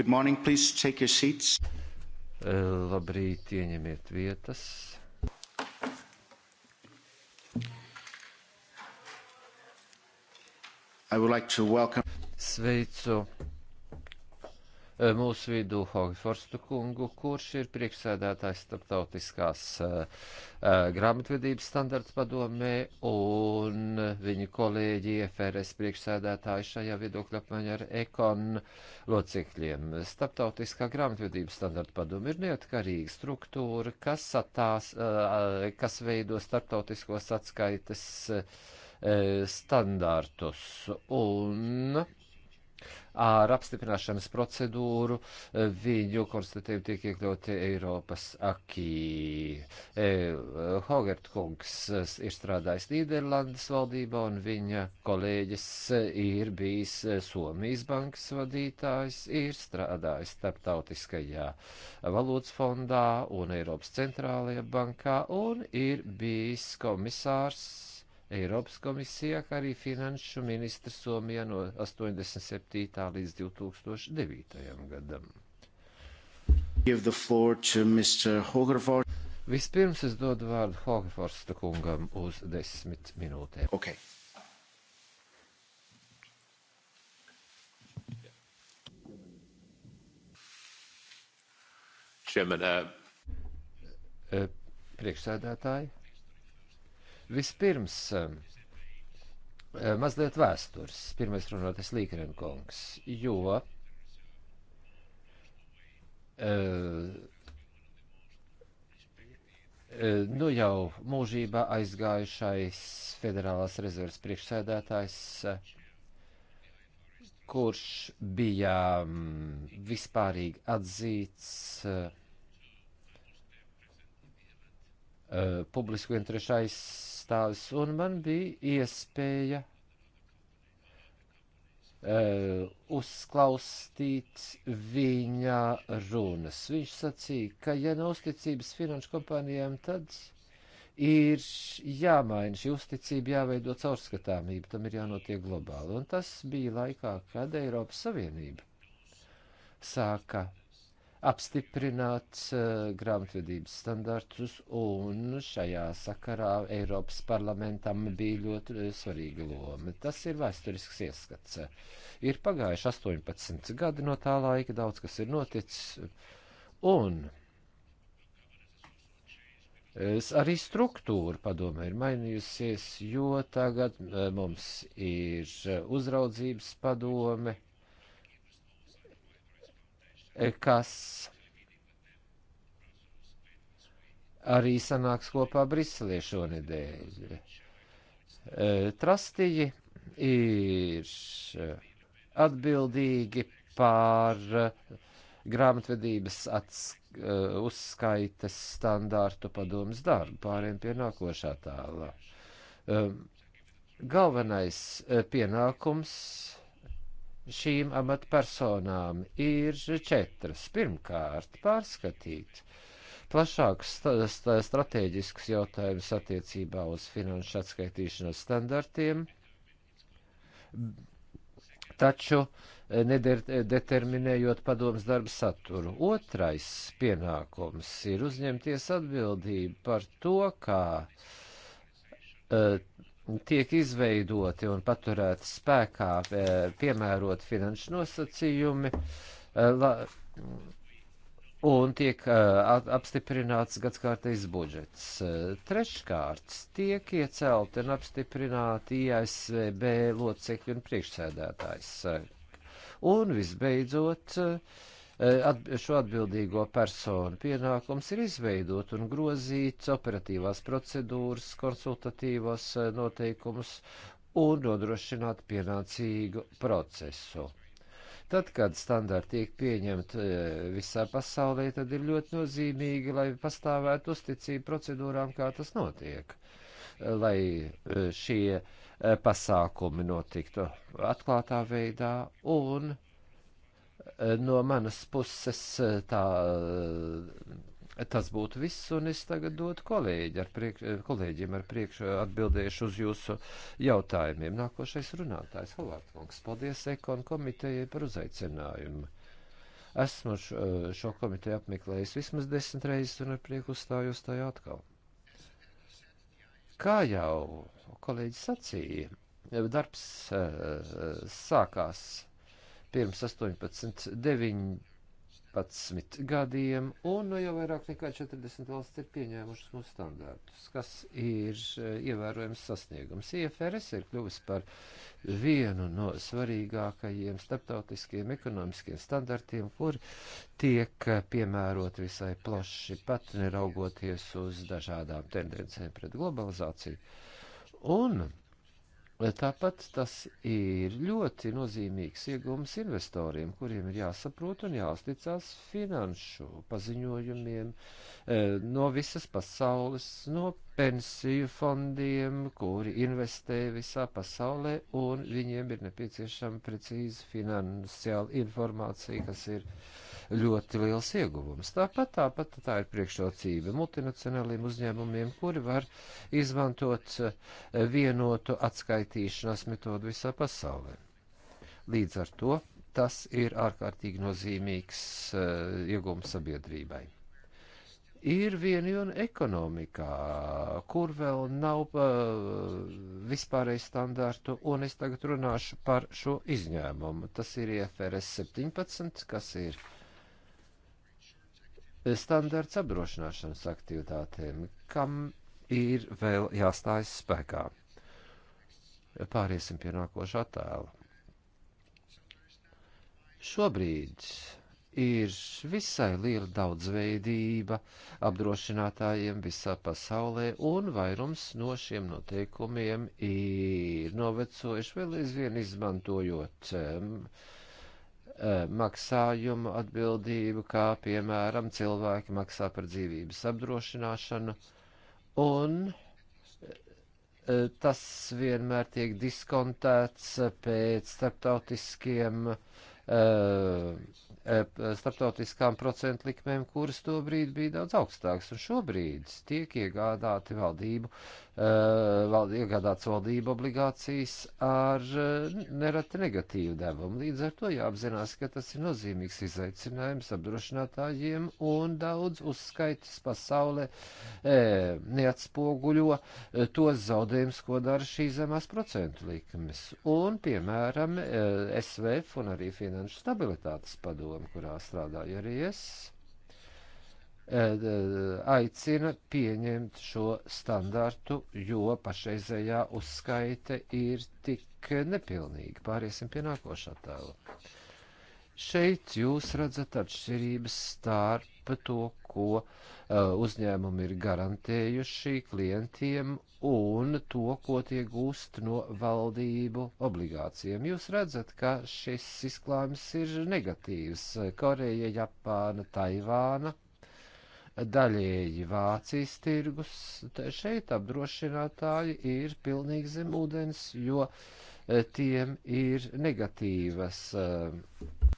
Good morning, please take your seats. Eh, labrīt, ieņemiet vietas. I would like to welcome. Sveicu Eh, mūsu vidū Hogforstu kungu, kurš ir priekšsēdētājs starptautiskās eh, eh, grāmatvedības standarts padomē, un viņa kolēģi FRS priekšsēdētāji šajā viedokļa apmaiņā ar ekon locekļiem. Starptautiskā grāmatvedības standarta padome ir neatkarīga struktūra, kas, atās, kas veido starptautiskos atskaites standartus. Un ar apstiprināšanas procedūru eh, viņu konstatējumu tiek iekļauti Eiropas akī. E, Hogert kungs eh, ir strādājis Nīderlandes valdībā un viņa kolēģis eh, ir bijis Somijas bankas vadītājs, ir strādājis starptautiskajā valūtas fondā un Eiropas centrālajā bankā un ir bijis komisārs Eiropas komisijā, kā arī finanšu ministra Somijā no 87. līdz 2009. gadam. Vispirms es dodu vārdu Hogarforsta kungam uz desmit minūtēm. Okay. Chairman, uh... uh priekšsēdētāji, Vispirms, mazliet vēstures. Pirmais runātais Līkrenkungs, jo nu jau mūžībā aizgājušais Federālās rezerves priekšsēdētājs, kurš bija vispārīgi atzīts uh, eh, publisko interešu aizstāvis, un man bija iespēja uh, uzklausīt viņa runas. Viņš sacīja, ka ja nav uzticības finanšu kompānijām, tad ir jāmaina šī uzticība, jāveido caurskatāmība, tam ir jānotiek globāli. Un tas bija laikā, kad Eiropas Savienība sāka apstiprināt uh, grāmatvedības standartus, un šajā sakarā Eiropas parlamentam bija ļoti uh, svarīga loma. Tas ir vēsturisks ieskats. Ir pagājuši 18 gadi no tā laika, daudz kas ir noticis, un es, arī struktūra padome ir mainījusies, jo tagad uh, mums ir uzraudzības padome kas arī sanāks kopā Briselē šonedēļ. E, Trastīgi ir atbildīgi pār grāmatvedības atskaitību e, uzskaites standārtu padomas darbu, pāriem pie nākošā tālā. E, galvenais pienākums šīm amatpersonām ir četras. Pirmkārt, pārskatīt plašākus st st strateģiskus jautājumus attiecībā uz finanšu atskaitīšanas standartiem, taču eh, nedeterminējot padomus darba saturu. Otrais pienākums ir uzņemties atbildību par to, kā uh, tiek izveidoti un paturēti spēkā eh, piemērot finanšu nosacījumi eh, un tiek eh, apstiprināts gadskārtais budžets. Treškārt, tiek iecelti un apstiprināti ISVB locekļi un priekšsēdētājs. Un visbeidzot, uh, Eh, šo atbildīgo personu pienākums ir izveidot un grozīt operatīvās procedūras, konsultatīvos eh, noteikumus un nodrošināt pienācīgu procesu. Tad, kad standarti tiek pieņemti eh, visā pasaulē, tad ir ļoti nozīmīgi, lai pastāvētu uzticība procedūrām, kā tas notiek, lai šie pasākumi notiktu atklātā veidā un no manas puses eh, tā, eh, tas būtu viss, un es tagad dotu kolēģi ar priek, eh, kolēģiem ar priekšu atbildējuši uz jūsu jautājumiem. Nākošais runātājs Havārtkungs. Paldies Ekon komitejai par uzaicinājumu. Esmu šo, šo komiteju apmeklējis vismaz desmit reizes un ar prieku uzstājos tajā atkal. Kā jau kolēģis sacīja, darbs sākās pirms 18, 19 gadiem, un nu, jau vairāk nekā 40 valsts ir pieņēmušas mūsu standārtus, kas ir e, ievērojams sasniegums. IFRS ir kļuvis par vienu no svarīgākajiem starptautiskiem ekonomiskiem standartiem, kur tiek piemērot visai plaši, pat neraugoties uz dažādām tendencēm pret globalizāciju. Un Tāpat tas ir ļoti nozīmīgs iegums investoriem, kuriem ir jāsaprot un jāuzticās finanšu paziņojumiem e, no visas pasaules, no pensiju fondiem, kuri investē visā pasaulē, un viņiem ir nepieciešama precīza finansiāla informācija, kas ir uh, ļoti liels ieguvums. Tāpat, tāpat tā ir priekšrocība multinacionāliem uzņēmumiem, kuri var izmantot eh, vienotu atskaitīšanās metodu visā pasaulē. Līdz ar to tas ir ārkārtīgi nozīmīgs uh, eh, iegums sabiedrībai ir vienīga ekonomikā, kur vēl nav uh, eh, vispārēju standārtu, un es tagad runāšu par šo izņēmumu. Tas ir IFRS 17, kas ir standarts apdrošināšanas aktivitātēm, kam ir vēl jāstājas spēkā. Pāriesim pie nākošā tēla. Šobrīd ir visai liela daudzveidība apdrošinātājiem visā pasaulē, un vairums no šiem noteikumiem ir novecojuši vēl aizvien izmantojot. Um, Eh, maksājumu atbildību, kā piemēram cilvēki maksā par dzīvības apdrošināšanu, un eh, tas vienmēr tiek diskontēts eh, pēc starptautiskiem uh, Eh, starptautiskām procentu likmēm, kuras to brīdi bija daudz augstākas, un šobrīd tiek iegādāti valdību, eh, vald, iegādāts valdību obligācijas ar eh, nereti negatīvu devumu. Līdz ar to jāapzinās, ka tas ir nozīmīgs izaicinājums apdrošinātājiem, un daudz uzskaitas pasaulē neatspoguļo tos zaudējumus, ko dara šīs zemās procentu likmes. Un, piemēram, SVF un arī Finanšu stabilitātes padomu joma, kurā strādāju arī es, e, e, aicina pieņemt šo standartu, jo pašreizējā uzskaite ir tik nepilnīga. Pāriesim pie nākošā tēla. Šeit jūs redzat atšķirības starp pa to, ko eh, uzņēmumi ir garantējuši klientiem un to, ko tie gūst no valdību obligācijām. Jūs redzat, ka šis izklājums ir negatīvs. Koreja, Japāna, Taivāna, daļēji Vācijas tirgus. Šeit apdrošinātāji ir pilnīgi zem ūdens, jo eh, tiem ir negatīvas. Uh,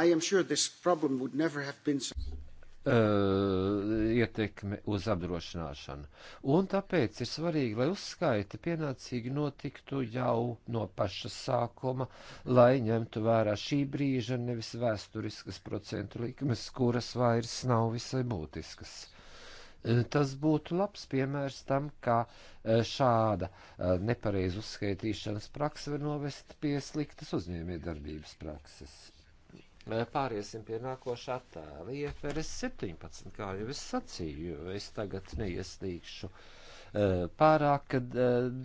I am sure this problem would never have been so uh, ietekme uz apdrošināšanu. Un tāpēc ir svarīgi, lai uzskaita pienācīgi notiktu jau no paša sākuma, lai ņemtu vērā šī brīža nevis vēsturiskas procentu likmes, kuras vairs nav visai būtiskas. Uh, tas būtu labs piemērs tam, kā uh, šāda nepareiza uzskaitīšanas praksa var novest pie sliktas uzņēmējdarbības prakses. Pāriesim pie nākošā tēla. IFRS 17, kā jau es sacīju, es tagad neieslīgšu e, pārāk e,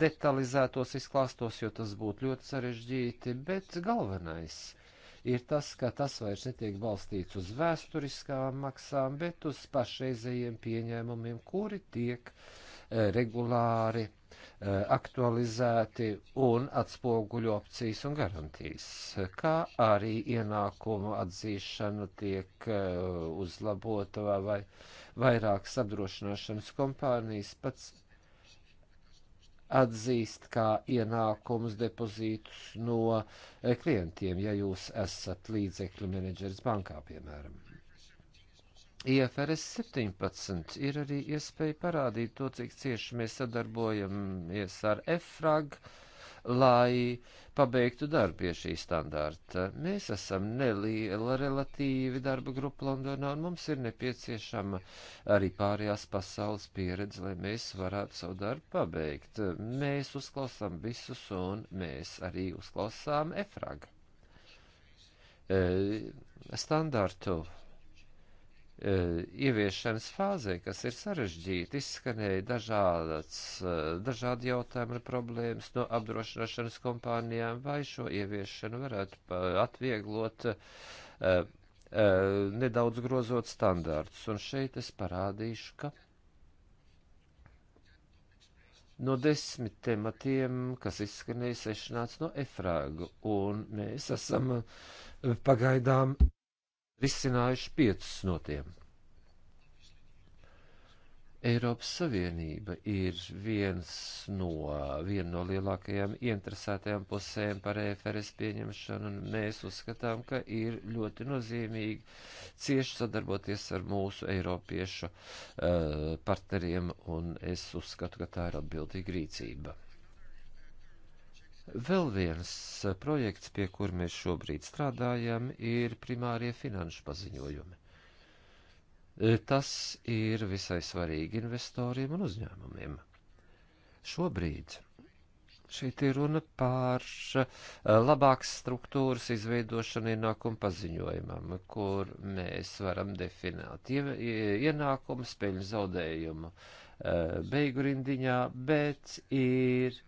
detalizētos izklāstos, jo tas būtu ļoti sarežģīti, bet galvenais ir tas, ka tas vairs netiek balstīts uz vēsturiskām maksām, bet uz pašreizējiem pieņēmumiem, kuri tiek e, regulāri Eh, aktualizēti un atspoguļo opcijas un garantijas, kā arī ienākumu atzīšana tiek eh, uzlabota vai, vai vairākas apdrošināšanas kompānijas pats atzīst kā ienākumus depozītus no eh, klientiem, ja jūs esat līdzekļu menedžeris bankā, piemēram. IFRS 17 ir arī iespēja parādīt to, cik cieši mēs sadarbojamies ar EFRAG, lai pabeigtu darbu pie šī standārta. Mēs esam neliela relatīvi darba grupa Londonā, un mums ir nepieciešama arī pārējās pasaules pieredze, lai mēs varētu savu darbu pabeigt. Mēs uzklausām visus, un mēs arī uzklausām EFRAG. E, standārtu Eh, ieviešanas fāzē, kas ir sarežģīta, izskanēja dažādas, eh, dažādi jautājumi un problēmas no apdrošināšanas kompānijām, vai šo ieviešanu varētu atvieglot uh, uh, nedaudz grozot standārtus. Un šeit es parādīšu, ka no desmit tematiem, kas izskanēja, seši nāca no efrāgu, un mēs esam pagaidām risinājuši piecus no tiem. Eiropas Savienība ir viens no, viena no lielākajām interesētajām pusēm par EFRS pieņemšanu, un mēs uzskatām, ka ir ļoti nozīmīgi cieši sadarboties ar mūsu eiropiešu uh, partneriem, un es uzskatu, ka tā ir atbildīga rīcība. Vēl viens eh, projekts, pie kur mēs šobrīd strādājam, ir primārie finanšu paziņojumi. Eh, tas ir visai svarīgi investoriem un uzņēmumiem. Šobrīd šeit ir runa par eh, labākas struktūras izveidošanu ienākumu paziņojumam, kur mēs varam definēt ienākumu, spēļu zaudējumu beigu rindiņā, bet ir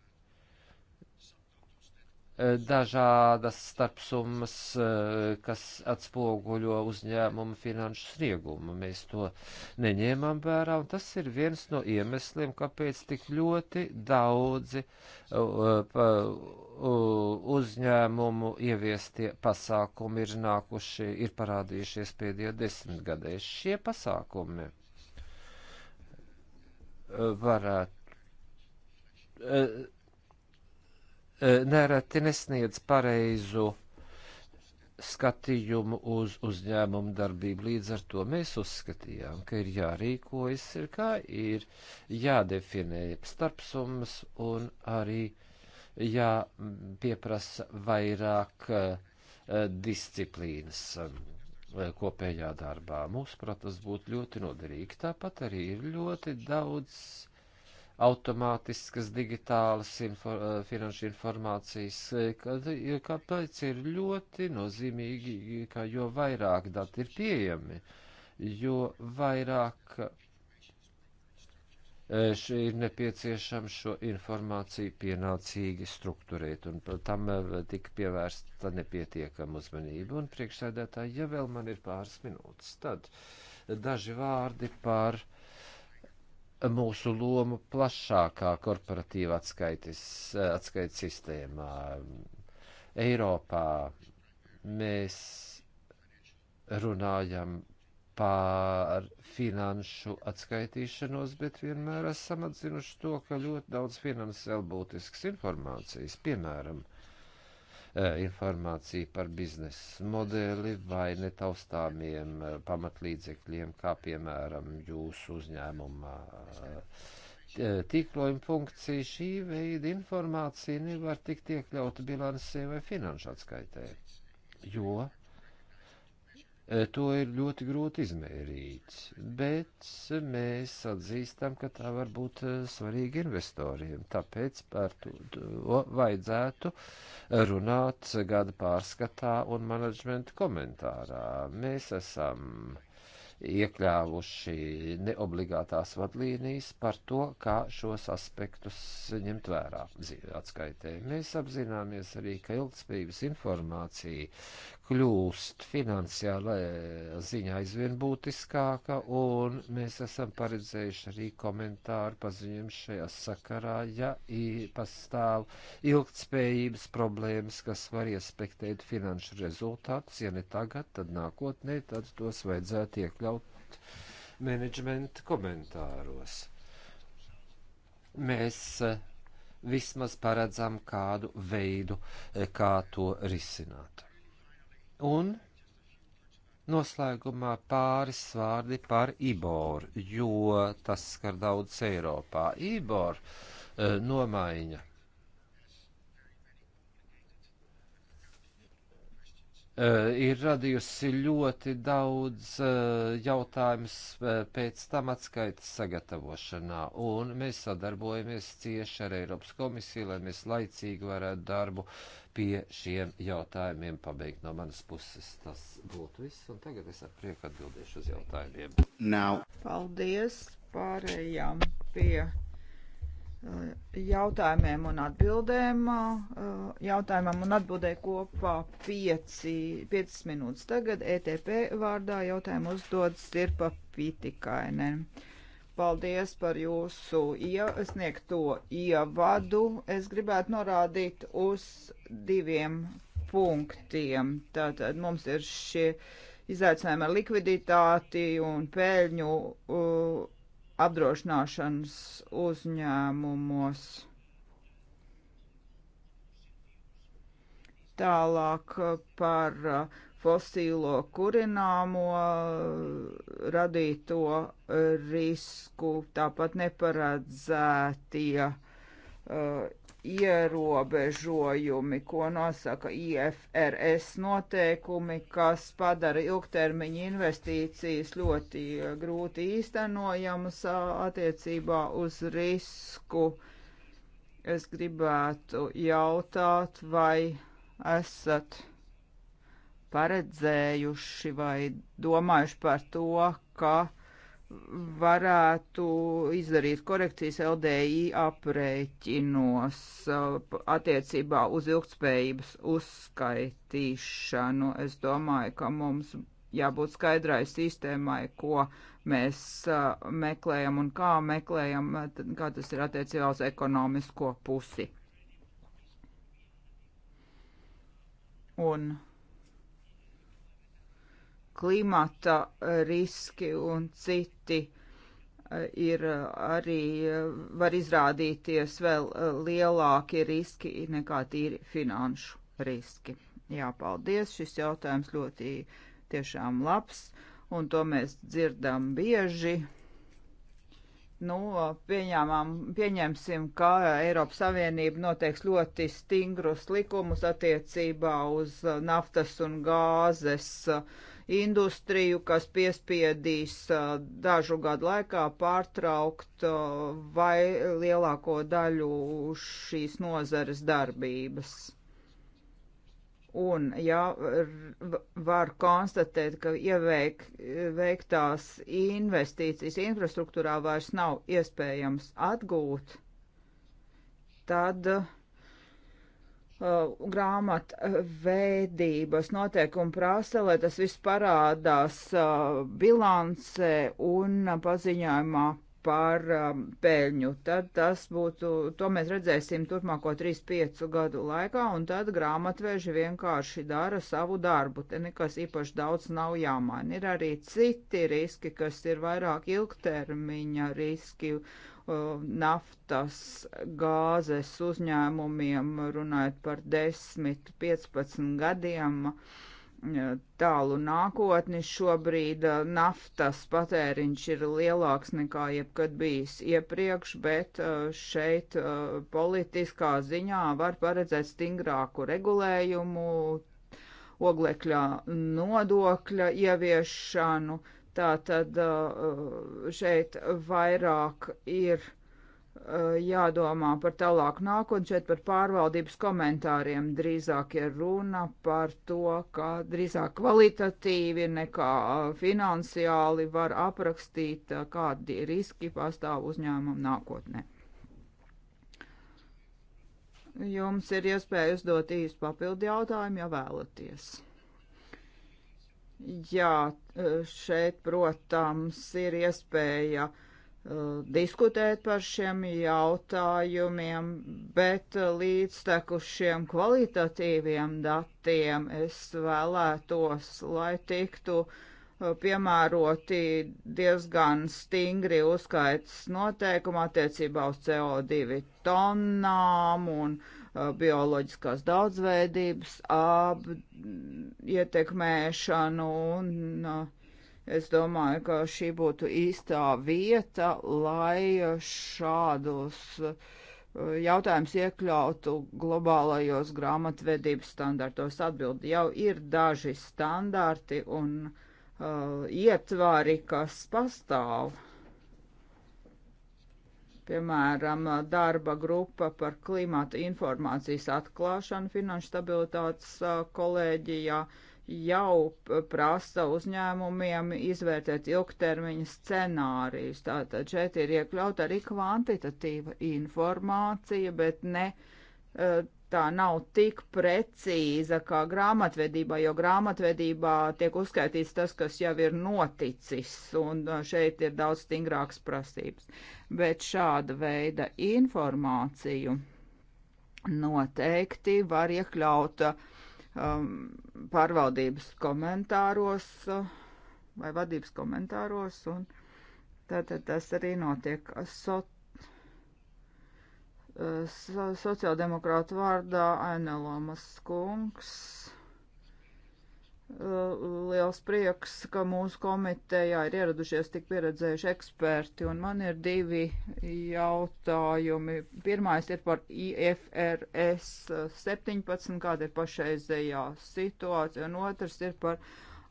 dažādas starpsummas, eh, kas atspoguļo uzņēmumu finanšu sniegumu. Mēs to neņēmām vērā, un tas ir viens no iemesliem, kāpēc tik ļoti daudzi eh, uzņēmumu ieviestie pasākumi ir nākuši, ir parādījušies pēdējo desmitgadē. Šie pasākumi eh, varētu E, nereti nesniedz pareizu skatījumu uz uzņēmumu darbību. Līdz ar to mēs uzskatījām, ka ir jārīkojas, ir kā ir jādefinē starpsummas un arī jāpieprasa vairāk uh, disciplīnas um, kopējā darbā. Mūsuprāt, tas būtu ļoti noderīgi. Tāpat arī ir ļoti daudz automātiskas digitālas infor, eh, finanšu informācijas, eh, kad, kāpēc ir ļoti nozīmīgi, ka jo vairāk dati ir pieejami, jo vairāk eh, šī ir nepieciešams šo informāciju pienācīgi strukturēt, un tam tika pievērsta nepietiekama uzmanība. Un priekšsēdētāji, ja vēl man ir pāris minūtes, tad daži vārdi par uh, mūsu lomu plašākā korporatīva atskaites, atskaites sistēmā. Eiropā mēs runājam pār finanšu atskaitīšanos, bet vienmēr esam atzinuši to, ka ļoti daudz finanses vēl būtisks informācijas, piemēram, Eh, informāciju par biznesa modeli vai netaustāmiem eh, pamatlīdzekļiem, kā piemēram jūsu uzņēmuma eh, tīklojuma funkcija. Šī veida informācija nevar tikt iekļauta bilansē vai finanšu atskaitē, jo Eh, to ir ļoti grūti izmērīt, bet mēs atzīstam, ka tā var būt eh, svarīga investoriem. Tāpēc par to, to vajadzētu runāt gada pārskatā un menedžmenta komentārā. Mēs esam iekļāvuši neobligātās vadlīnijas par to, kā šos aspektus ņemt vērā atskaitē. Mēs apzināmies arī, ka ilgspējības informācija, kļūst finansiālā eh, ziņā aizvien būtiskāka, un mēs esam paredzējuši arī komentāru paziņojumu šajā sakarā, ja pastāv ilgtspējības problēmas, kas var iespektēt finanšu rezultātus, ja ne tagad, tad nākotnē, tad tos vajadzētu iekļaut menedžmenta komentāros. Mēs eh, vismaz paredzam kādu veidu, eh, kā to risināt. Un Noslēgumā pāris vārdi par Iboru, jo tas skar daudz Eiropā. Ibor e, nomaiņa. E, ir radījusi ļoti daudz e, jautājumus pēc tam atskaitas sagatavošanā, un mēs sadarbojamies cieši ar Eiropas komisiju, lai mēs laicīgi varētu darbu uh, pie šiem jautājumiem pabeigt no manas puses. Tas būtu viss, un tagad es ar prieku atbildēšu uz jautājumiem. Nav. Paldies, pārējām pie eh, jautājumiem un atbildēm. Eh, jautājumam un atbildē kopā 5 minūtes. Tagad ETP vārdā jautājumu uzdodas ir pa pitikainēm. Paldies par jūsu iesniegto ievadu. Es gribētu norādīt uz diviem punktiem. Tātad mums ir šie izaicinājumi ar likviditāti un pēļņu uh, apdrošināšanas uzņēmumos. Tālāk par uh, fosīlo kurināmo eh, radīto risku, tāpat neparedzētie uh, ierobežojumi, ko nosaka IFRS noteikumi, kas padara ilgtermiņa investīcijas ļoti eh, grūti īstenojamas attiecībā uz risku. Es gribētu jautāt, vai esat paredzējuši vai domājuši par to, ka varētu izdarīt korekcijas LDI aprēķinos uh, attiecībā uz ilgspējības uzskaitīšanu. Es domāju, ka mums jābūt skaidrai sistēmai, ko mēs uh, meklējam un kā meklējam, uh, kā tas ir attiecībā uz ekonomisko pusi. Un klimata riski un citi eh, ir eh, arī eh, var izrādīties vēl lielāki riski nekā tīri finanšu riski. Jā, paldies, šis jautājums ļoti tiešām labs, un to mēs dzirdam bieži. Nu, pieņēmām, pieņemsim, ka Eiropas Savienība noteiks ļoti stingrus likumus attiecībā uz naftas un gāzes uh, industriju, kas piespiedīs dažu gadu laikā pārtraukt vai lielāko daļu šīs nozares darbības. Un, ja var konstatēt, ka ieveiktās ja investīcijas infrastruktūrā vairs nav iespējams atgūt, tad uh, Uh, grāmatvedības noteikumi prasa, lai tas viss parādās uh, bilancē un paziņojumā par um, peļņu. Tad tas būtu, to mēs redzēsim turpmāko 3-5 gadu laikā, un tad grāmatveži vienkārši dara savu darbu. Te nekas īpaši daudz nav jāmaina. Ir arī citi riski, kas ir vairāk ilgtermiņa riski Uh, naftas, gāzes uzņēmumiem, runājot par 10, 15 gadiem uh, tālu nākotni. Šobrīd uh, naftas patēriņš ir lielāks nekā jebkad bijis iepriekš, bet šeit politiskā ziņā var paredzēt stingrāku regulējumu, oglekļa nodokļa ieviešanu, Tātad uh, šeit vairāk ir uh, jādomā par tālāku nākotni, šeit par pārvaldības komentāriem drīzāk ir runa par to, ka drīzāk kvalitatīvi nekā uh, finansiāli var aprakstīt, kādi riski pastāv uzņēmumam nākotnē. Jums ir iespēja uzdot īstu papildu jautājumu, ja vēlaties. Jā, šeit, protams, ir iespēja uh, diskutēt par šiem jautājumiem, bet uh, līdz tekušiem kvalitatīviem datiem es vēlētos, lai tiktu uh, piemēroti diezgan stingri uzskaits noteikumi attiecībā uz CO2 tonnām un uh, Uh, bioloģiskās daudzveidības ap, mm, ietekmēšanu un uh, es domāju, ka šī būtu īstā vieta, lai uh, šādus jautājumus iekļautu globālajos grāmatvedības standartos. Atbildi jau ir daži standarti un uh, ietvari, kas pastāv. Piemēram, darba grupa par klimata informācijas atklāšanu finanšu stabilitātes kolēģijā jau prasa uzņēmumiem izvērtēt ilgtermiņa scenārijus. Tātad šeit ir iekļauta arī kvantitatīva informācija, bet ne uh, tā nav tik precīza kā grāmatvedībā, jo grāmatvedībā tiek uzskaitīts tas, kas jau ir noticis, un uh, šeit ir daudz stingrākas prasības. Bet šāda veida informāciju noteikti var iekļaut um, pārvaldības komentāros uh, vai vadības komentāros, un tātad tas arī notiek. Sot so, sociāldemokrātu vārdā Ainelomas kungs. Liels prieks, ka mūsu komitejā ir ieradušies tik pieredzējuši eksperti, un man ir divi jautājumi. Pirmais ir par IFRS 17, kāda ir pašreizējā situācija, un otrs ir par uh,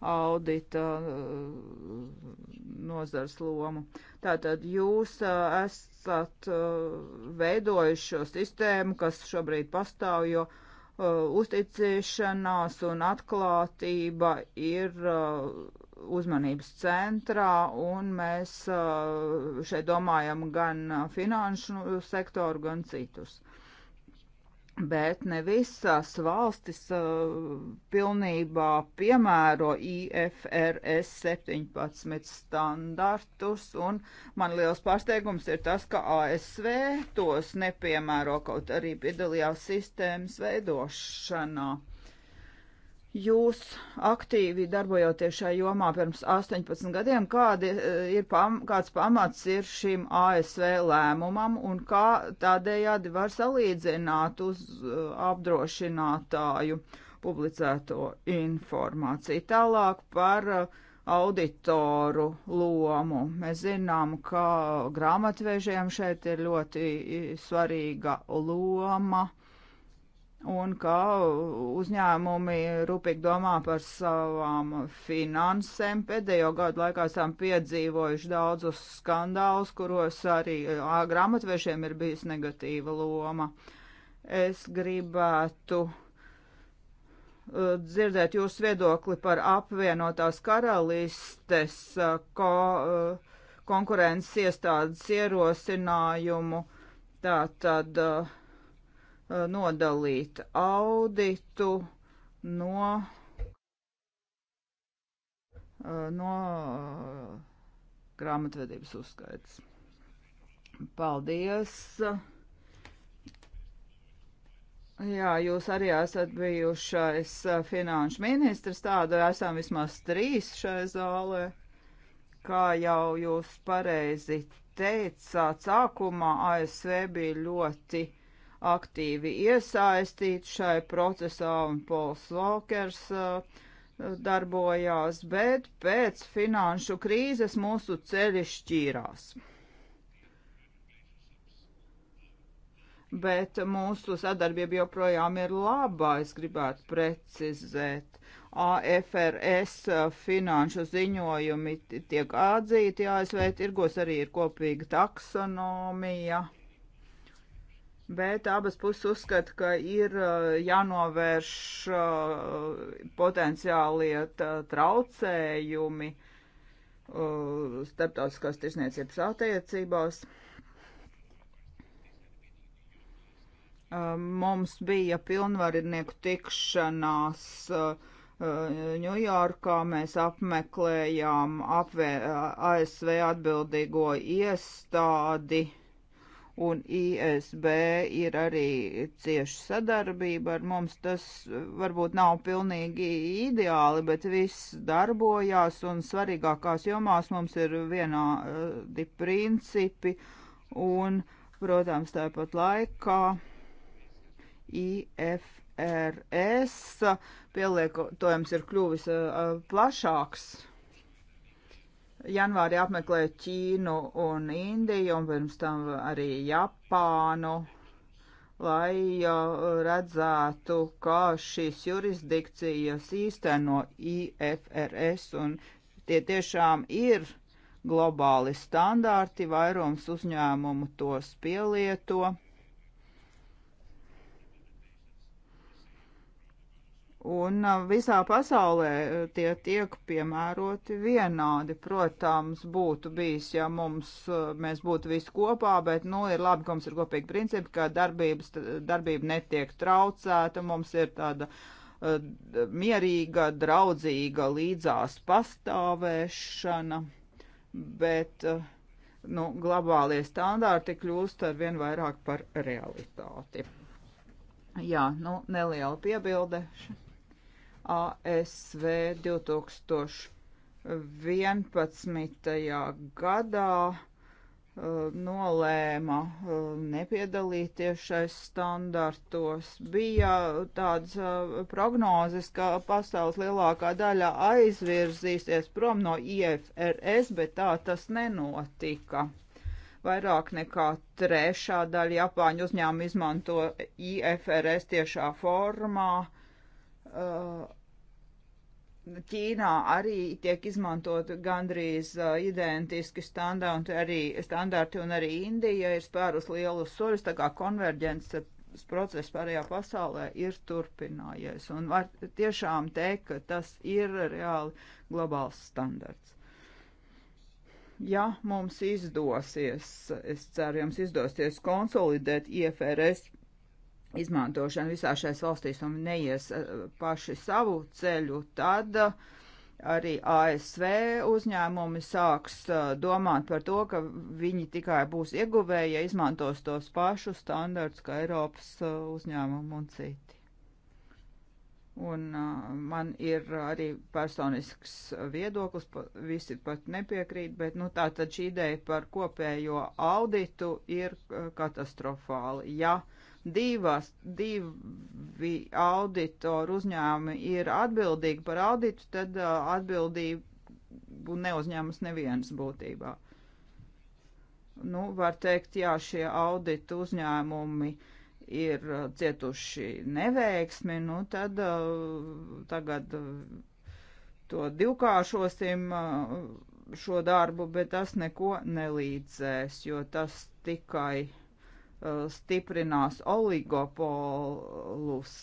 audita uh, nozars lomu. Tātad jūs uh, esat uh, veidojuši šo sistēmu, kas šobrīd pastāv, jo uzticēšanās un atklātība ir uzmanības centrā, un mēs šeit domājam gan finanšu sektoru, gan citus. Bet ne visas valstis uh, pilnībā piemēro IFRS 17 standartus, un man liels pārsteigums ir tas, ka ASV tos nepiemēro, kaut arī piedalījās sistēmas veidošanā. Uh, jūs aktīvi darbojoties šajā jomā pirms 18 gadiem, kādi e, ir pam, kāds pamats ir šim ASV lēmumam un kā tādējādi var salīdzināt uz e, apdrošinātāju publicēto informāciju. Tālāk par e, auditoru lomu. Mēs zinām, ka grāmatvežiem šeit ir ļoti svarīga loma un ka uzņēmumi rūpīgi domā par savām finansēm. Pēdējo gadu laikā esam piedzīvojuši daudzus skandālus, kuros arī grāmatvežiem ir bijis negatīva loma. Es gribētu dzirdēt jūsu viedokli par apvienotās karalistes ko, konkurences iestādes ierosinājumu. Tātad uh, Uh, nodalīt auditu no, uh, no uh, grāmatvedības uzskaits. Paldies! Jā, jūs arī esat bijušais finanšu ministrs, tādu esam vismaz trīs šai zālē. Kā jau jūs pareizi teicāt, sākumā ASV bija ļoti aktīvi iesaistīti šai procesā un Pols Lokers uh, darbojās, bet pēc finanšu krīzes mūsu ceļi šķīrās. bet mūsu sadarbība joprojām ir labā, es gribētu precizēt. AFRS uh, finanšu ziņojumi tiek atzīti, ASV tirgos arī ir kopīga taksonomija bet abas puses uzskata, ka ir eh, jānovērš eh, potenciālie eh, traucējumi starptautiskās tirsniecības attiecībās. Mums bija pilnvarirnieku tikšanās Ņujorkā, mēs apmeklējām apvē, ASV atbildīgo iestādi un ISB ir arī cieša sadarbība ar mums. Tas varbūt nav pilnīgi ideāli, bet viss darbojās un svarīgākās jomās mums ir vienādi principi un, protams, tāpat laikā IFRS pielietojums ir kļuvis plašāks janvārī apmeklēju Ķīnu un Indiju un pirms tam arī Japānu, lai uh, redzētu, kā šīs jurisdikcijas īsteno IFRS un tie tiešām ir globāli standārti, vairums uzņēmumu tos pielieto. Un uh, visā pasaulē uh, tie tiek piemēroti vienādi. Protams, būtu bijis, ja mums, uh, mēs būtu visi kopā, bet, nu, ir labi, ka mums ir kopīgi principi, ka darbības, darbība netiek traucēta, mums ir tāda uh, mierīga, draudzīga līdzās pastāvēšana, bet, uh, nu, globālie standārti kļūst ar vien vairāk par realitāti. Jā, nu, neliela piebilde. Ša ASV 2011. gadā uh, nolēma uh, nepiedalīties šais standartos. Bija tādas uh, prognozes, ka pasaules lielākā daļa aizvirzīsies prom no IFRS, bet tā tas nenotika. Vairāk nekā trešā daļa Japāņu uzņēmumu izmanto IFRS tiešā formā. Uh, Uh, Ķīnā arī tiek izmantot gandrīz uh, identiski standarti, arī, standarti un arī Indija ir spērus lielus soļus, tā kā konverģences process pārējā pasaulē ir turpinājies. Un var tiešām teikt, ka tas ir reāli globāls standarts ja mums izdosies, es ceru, jums izdosies konsolidēt IFRS izmantošana visā šais valstīs un neies eh, paši savu ceļu, tad eh, arī ASV uzņēmumi sāks eh, domāt par to, ka viņi tikai būs ieguvēji, ja izmantos tos pašus standarts, kā Eiropas uzņēmumi un citi. Un man ir arī personisks viedoklis, visi pat nepiekrīt, bet nu, tā tad šī ideja par kopējo auditu ir katastrofāla. Ja uh, divas, divi auditoru uzņēmumi ir atbildīgi par auditu, tad uh, atbildību neuzņēmas neviens būtībā. Nu, var teikt, jā, šie auditu uzņēmumi ir uh, cietuši neveiksmi, nu tad uh, tagad to divkāršosim šo darbu, bet tas neko nelīdzēs, jo tas tikai Uh, stiprinās oligopolus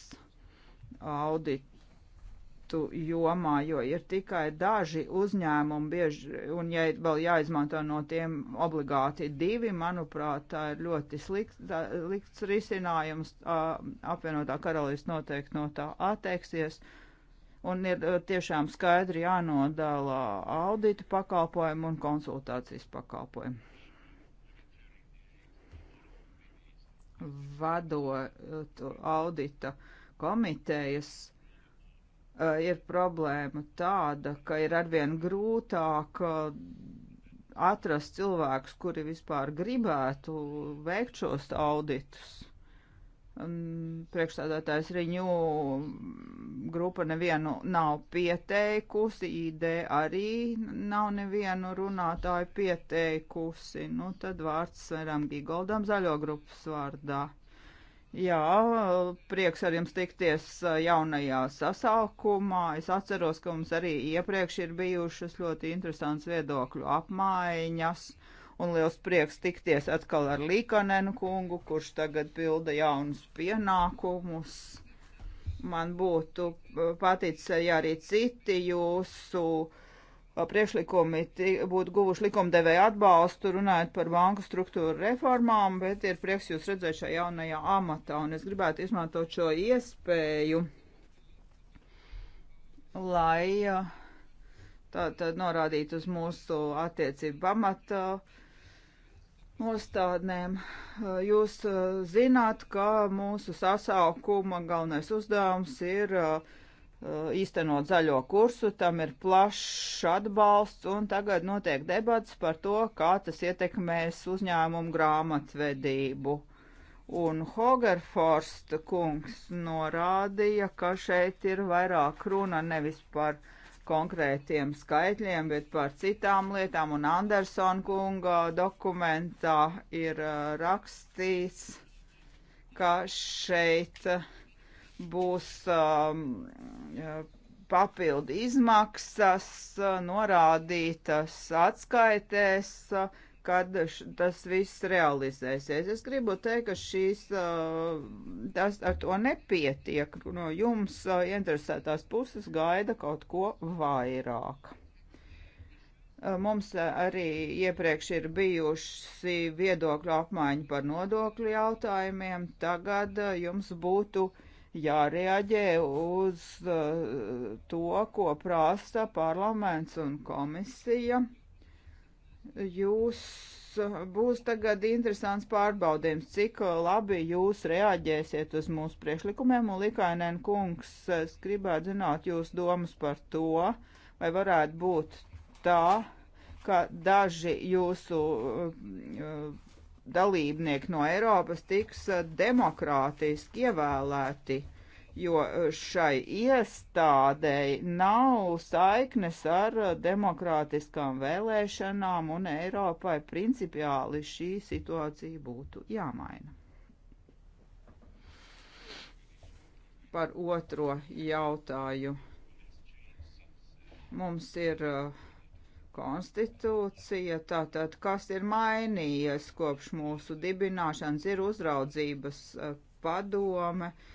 auditu jomā, jo ir tikai daži uzņēmumi bieži, un ja vēl jāizmanto no tiem obligāti divi, manuprāt, tā ir ļoti slikts, tā, slikts risinājums. Apvienotā karalists noteikti no tā atteiksies un ir tiešām skaidri jānodala audita pakalpojumu un konsultācijas pakalpojumu. vadot eh, audita komitejas, eh, ir problēma tāda, ka ir arvien grūtāk eh, atrast cilvēkus, kuri vispār gribētu veikt šos auditus. Mm, priekšstādātājs riņu grupa nevienu nav pieteikusi, ID arī nav nevienu runātāju pieteikusi. Nu, tad vārds Sveram Gigoldam zaļo grupas vārdā. Jā, prieks ar jums tikties uh, jaunajā sasaukumā. Es atceros, ka mums arī iepriekš ir bijušas ļoti interesants viedokļu apmaiņas. Uh, un liels prieks tikties atkal ar Līkanenu kungu, kurš tagad pilda jaunus pienākumus. Man būtu eh, paticis, ja arī citi jūsu eh, priekšlikumi būtu guvuši likumdevēja atbalstu, runājot par banku struktūru reformām, bet ir prieks jūs redzēt šajā jaunajā amatā, un es gribētu izmantot šo iespēju, lai eh, tā tad norādītu uz mūsu attiecību pamatu nostādnēm. Jūs zināt, ka mūsu sasaukuma galvenais uzdevums ir īstenot zaļo kursu, tam ir plašs atbalsts, un tagad notiek debats par to, kā tas ietekmēs uzņēmumu grāmatvedību. Un Hogerforst kungs norādīja, ka šeit ir vairāk runa nevis par uh, konkrētiem skaitļiem, bet par citām lietām, un Andersona kunga dokumentā ir uh, rakstīts, ka šeit uh, būs um, uh, papildu izmaksas norādītas atskaitēs, uh, kad tas viss realizēsies. Es gribu teikt, ka šīs, tas ar to nepietiek. No jums interesētās puses gaida kaut ko vairāk. Mums arī iepriekš ir bijusi viedokļu apmaiņa par nodokļu jautājumiem. Tagad jums būtu jārēģē uz to, ko prasa parlaments un komisija jūs eh, būs tagad interesants pārbaudījums, cik eh, labi jūs reaģēsiet uz mūsu priekšlikumiem, un Likainen kungs, eh, es gribētu zināt jūs domas par to, vai varētu būt tā, ka daži jūsu dalībnieki no Eiropas tiks demokrātiski ievēlēti jo e, šai iestādēji nav saiknes ar e, demokrātiskām vēlēšanām, un Eiropai principiāli šī situācija būtu jāmaina. Par otro jautāju. Mums ir e, konstitūcija, tātad kas ir mainījies kopš mūsu dibināšanas, ir uzraudzības padome. Uh,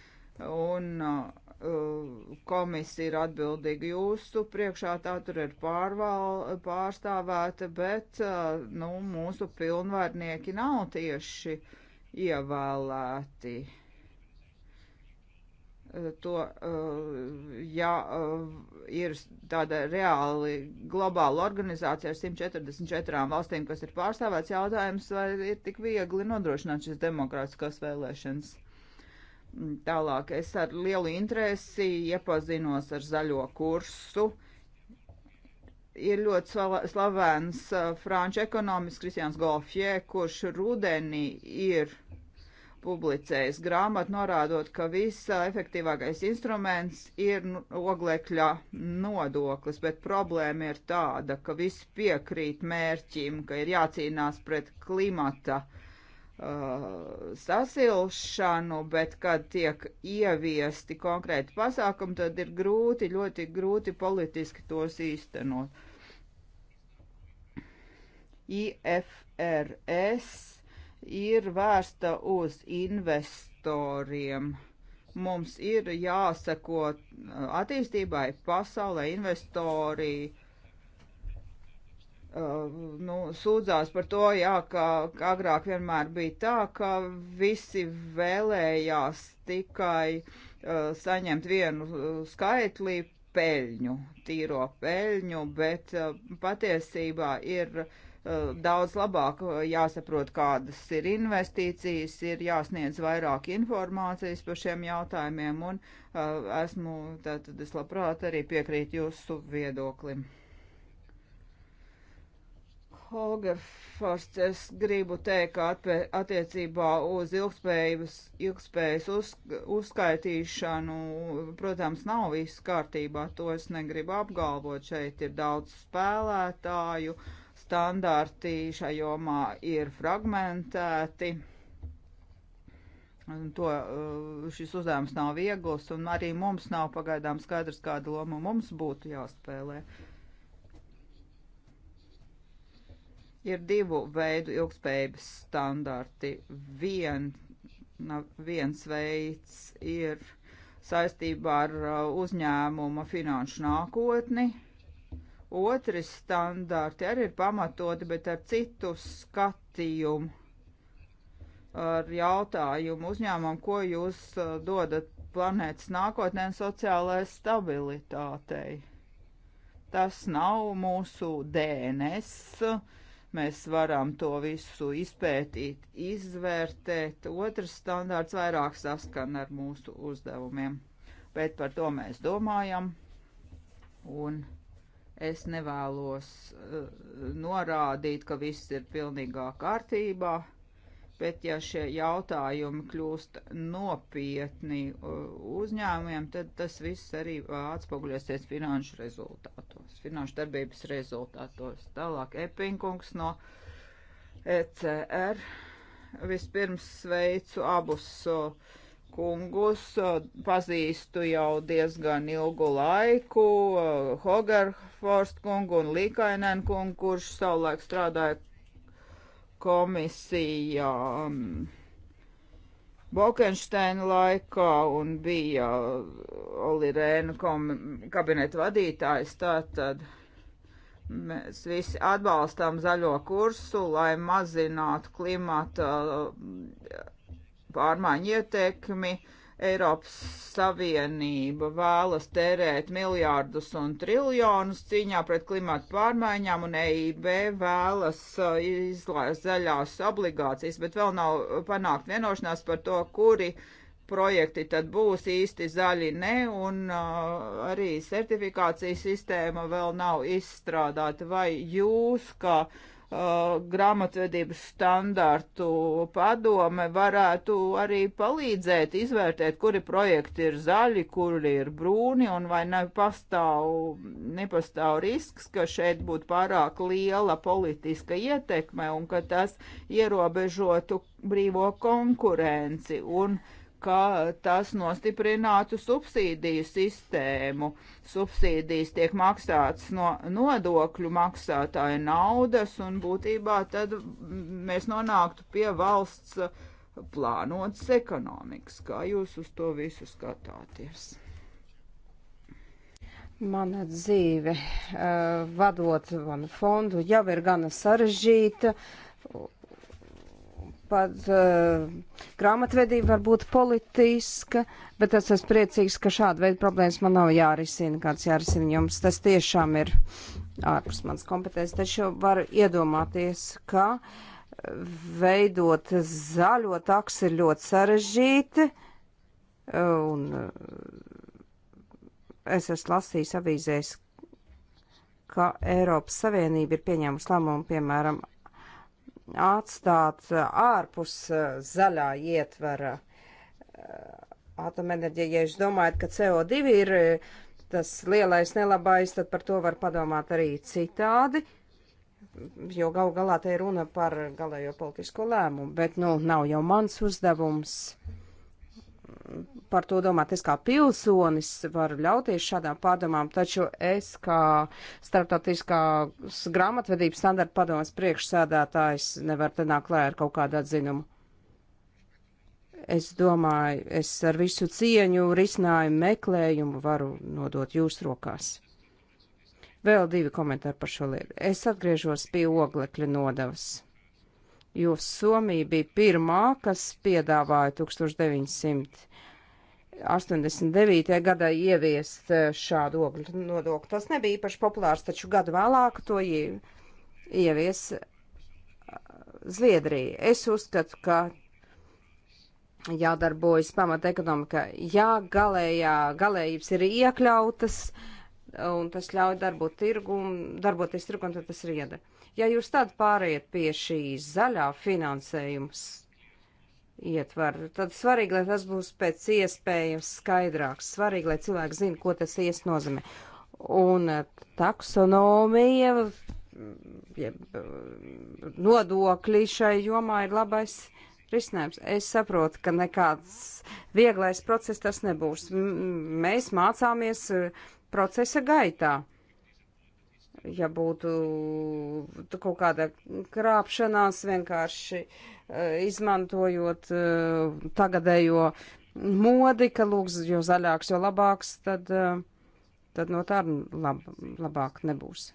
un uh, uh, komisija ir atbildīga jūsu priekšā, tā tur ir pārval, pārstāvēta, bet uh, nu, mūsu pilnvarnieki nav tieši ievēlēti. To, ja ir tāda reāli globāla organizācija ar 144 valstīm, kas ir pārstāvēts jautājums, vai ir tik viegli nodrošināt šīs demokrātiskās vēlēšanas? Tālāk es ar lielu interesi iepazinos ar zaļo kursu. Ir ļoti slavens uh, franču ekonomists Kristians Golfjē, kurš rudenī ir publicējis grāmatu, norādot, ka visa efektīvākais instruments ir nu, oglekļa nodoklis, bet problēma ir tāda, ka visi piekrīt mērķim, ka ir jācīnās pret klimata uh, Uh, sasilšanu, bet kad tiek ieviesti konkrēti pasākumi, tad ir grūti, ļoti grūti politiski tos īstenot. IFRS ir vērsta uz investoriem. Mums ir jāsako uh, attīstībai pasaulē investoriju Uh, nu, sūdzās par to, jā, ka agrāk vienmēr bija tā, ka visi vēlējās tikai uh, saņemt vienu uh, skaitlī peļņu, tīro peļņu, bet uh, patiesībā ir uh, daudz labāk uh, jāsaprot, kādas ir investīcijas, ir jāsniedz vairāk informācijas par šiem jautājumiem, un esmu, tātad es labprāt arī piekrītu jūsu viedoklim. Hogerforsts, es gribu teikt, ka atpē, attiecībā uz ilgspējas, ilgspējas uz, uzskaitīšanu, protams, nav viss kārtībā, to es negribu apgalvot. Šeit ir daudz spēlētāju, standarti šajā jomā ir fragmentēti. Un to, uh, šis uzdevums nav viegls, un arī mums nav pagaidām skaidrs, kāda loma mums būtu jāspēlē. Uh, Ir divu veidu ilgspējības standarti. Vien, na, viens veids ir saistībā ar uh, uzņēmuma finanšu nākotni. Otri standarti arī ir pamatoti, bet ar citu skatījumu, ar jautājumu uzņēmumam, ko jūs uh, dodat planētas nākotnē un sociālajai stabilitātei. Tas nav mūsu DNS Mēs varam to visu izpētīt, izvērtēt. Otrs standārts vairāk saskan ar mūsu uzdevumiem, bet par to mēs domājam. Un es nevēlos uh, norādīt, ka viss ir pilnīgā kārtībā. Uh, Bet, ja šie jautājumi kļūst nopietni uzņēmumiem, tad tas viss arī uh, atspoguļosies finanšu rezultātos, finanšu darbības rezultātos. Tālāk Epinkungs no ECR. Vispirms sveicu abus kungus, pazīstu jau diezgan ilgu laiku, Hogarforst kungu un Līkainen kungu, kurš savulaik strādāja komisija um, Bolkensteina laikā un bija uh, Oli Rēna kabineta vadītājs. Tātad mēs visi atbalstām zaļo kursu, lai mazinātu klimata uh, pārmaiņu ietekmi. Uh, Eiropas Savienība vēlas tērēt miljārdus un triljonus cīņā pret klimatu pārmaiņām, un EIB vēlas uh, izlaist zaļās obligācijas, bet vēl nav panākt vienošanās par to, kuri projekti tad būs īsti zaļi ne, un uh, arī certifikācijas sistēma vēl nav izstrādāta. Vai jūs, kā uh, Uh, grāmatvedības standārtu padome varētu arī palīdzēt izvērtēt, kuri projekti ir zaļi, kuri ir brūni, un vai nepastāv, nepastāv risks, ka šeit būtu pārāk liela politiska ietekme un ka tas ierobežotu brīvo konkurenci un uh, ka tas nostiprinātu subsīdiju sistēmu. Subsīdijas tiek maksāts no nodokļu maksātāja naudas, un būtībā tad mēs nonāktu pie valsts plānotas ekonomikas. Kā jūs uz to visu skatāties? Mana dzīve, uh, vadot manu fondu, jau ir gana sarežģīta. Uh, pat uh, grāmatvedība var būt politiska, bet es esmu priecīgs, ka šāda veida problēmas man nav jārisina, kāds jārisina jums. Tas tiešām ir ārpus manas kompetences, taču varu iedomāties, ka veidot zaļo taksi ir ļoti sarežģīti, un eh, es esmu lasījis avīzēs, ka Eiropas Savienība ir pieņēmusi lēmumu, piemēram, atstāt uh, ārpus uh, zaļā ietvara uh, atomenerģija. Ja jūs domājat, ka CO2 ir tas lielais nelabais, tad par to var padomāt arī citādi, jo gal galā te ir runa par galējo politisko lēmumu, bet, nu, nav jau mans uzdevums. Uh, par to domāt. Es kā pilsonis varu ļauties šādām pārdomām, taču es kā starptautiskās grāmatvedības standarta padomas priekšsēdētājs nevaru te nākt klāt ar kaut kādu atzinumu. Es domāju, es ar visu cieņu risinājumu meklējumu varu nodot jūsu rokās. Vēl divi komentāri par šo lietu. Es atgriežos pie oglekļa nodavas jo Somija bija pirmā, kas piedāvāja 1900. 89. gadā ieviest eh, šādu ogļu nodokli. Tas nebija īpaši populārs, taču gadu vēlāk to ievies eh, Zviedrija. Es uzskatu, ka jādarbojas pamata ekonomika. Jā, galējā, galējības ir iekļautas, un tas ļauj darbot tirgu, darboties tirgu, un tad tas ir iedara. Ja jūs tad pāriet pie šī zaļā finansējums ietvaru, tad svarīgi, lai tas būs pēc iespējas skaidrāks, svarīgi, lai cilvēki zina, ko tas īsti nozīmē. Un eh, taksonomija, ja, eh, nodokļi šai jomā ir labais risinājums. Es saprotu, ka nekāds vieglais process tas nebūs. M mēs mācāmies eh, procesa gaitā ja būtu kaut kāda krāpšanās vienkārši e, izmantojot e, tagadējo modi, ka lūks, jo zaļāks, jo labāks, tad, e, tad no tā lab, labāk nebūs.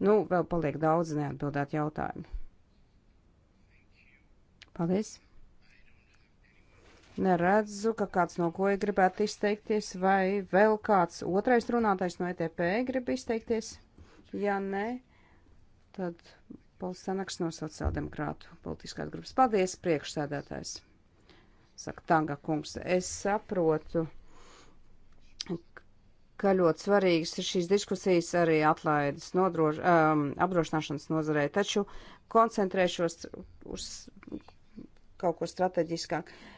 Nu, vēl paliek daudz neatbildēt jautājumu. Paldies! Neredzu, ka kāds no koja gribētu izteikties, vai vēl kāds otrais runātais no ETP grib izteikties. Ja nē, tad Pauls Sanaks no sociāldemokrātu politiskās grupas. Paldies, priekšsēdētājs. Saka Tanga kungs, es saprotu, ka ļoti svarīgas ir šīs diskusijas arī atlaides nodrož, um, apdrošināšanas nozarē, taču koncentrēšos uz kaut ko strateģiskāk. Uh,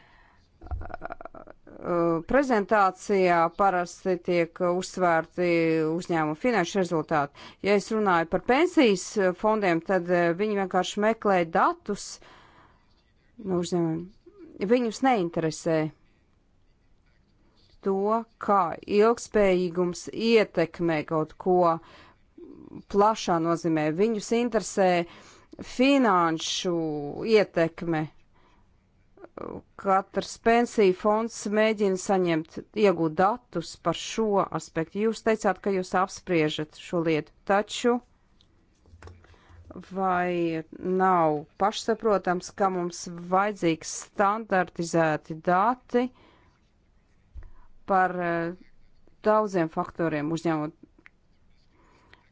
prezentācijā parasti tiek uzsvērti uzņēmuma finanšu rezultāti. Ja es runāju par pensijas fondiem, tad eh, viņi vienkārši meklē datus no nu, uzņēmumiem. Viņus neinteresē to, kā ilgspējīgums ietekmē kaut ko plašā nozīmē. Viņus interesē finanšu ietekme katrs pensiju fonds mēģina saņemt, iegūt datus par šo aspektu. Jūs teicāt, ka jūs apspriežat šo lietu, taču vai nav pašsaprotams, ka mums vajadzīgs standartizēti dati par eh, daudziem faktoriem uzņemot?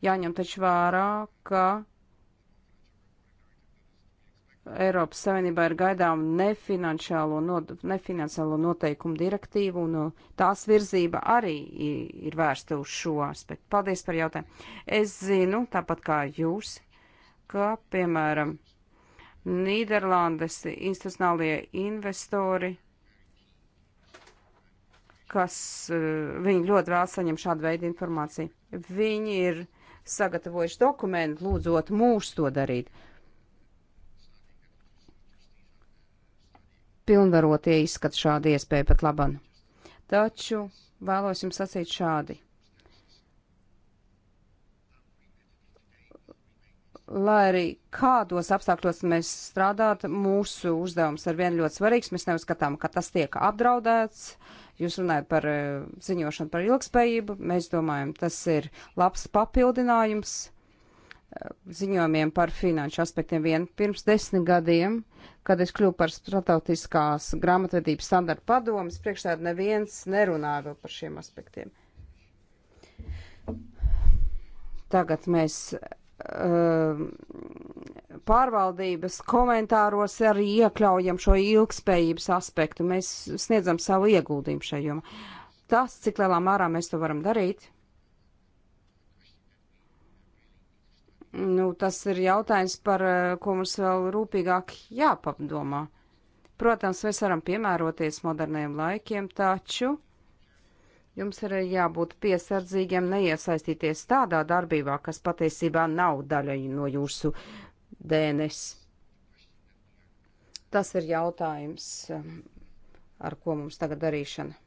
Jāņem taču vērā, ka Eiropas Savienībā ir gaidām nefinanciālo, not, nefinanciālo noteikumu direktīvu, un uh, tās virzība arī ir vērsta uz šo aspektu. Paldies par jautājumu. Es zinu, tāpat kā jūs, ka, piemēram, Nīderlandes institucionālie investori, kas uh, viņi ļoti vēl saņem šādu veidu informāciju, viņi ir sagatavojuši dokumentu, lūdzot mūs to darīt. pilnvarotie izskata šādu iespēju pat laban. Taču vēlos jums sacīt šādi. Lai arī kādos apstākļos mēs strādātu, mūsu uzdevums ir vien ļoti svarīgs. Mēs neuzskatām, ka tas tiek apdraudēts. Jūs runājat par eh, ziņošanu par ilgspējību. Mēs domājam, tas ir labs papildinājums ziņojumiem par finanšu aspektiem vien pirms desmit gadiem, kad es kļuvu par starptautiskās grāmatvedības standarta padomas, priekšstādā neviens nerunāja vēl par šiem aspektiem. Tagad mēs uh, pārvaldības komentāros arī iekļaujam šo ilgspējības aspektu. Mēs sniedzam savu ieguldījumu šajā jomā. Tas, cik lielā mērā mēs to varam darīt, Nu, tas ir jautājums, par eh, ko mums vēl rūpīgāk jāpadomā. Protams, mēs varam piemēroties moderniem laikiem, taču jums ir jābūt piesardzīgiem neiesaistīties tādā darbībā, kas patiesībā nav daļa no jūsu DNS. Tas ir jautājums, eh, ar ko mums tagad darīšana.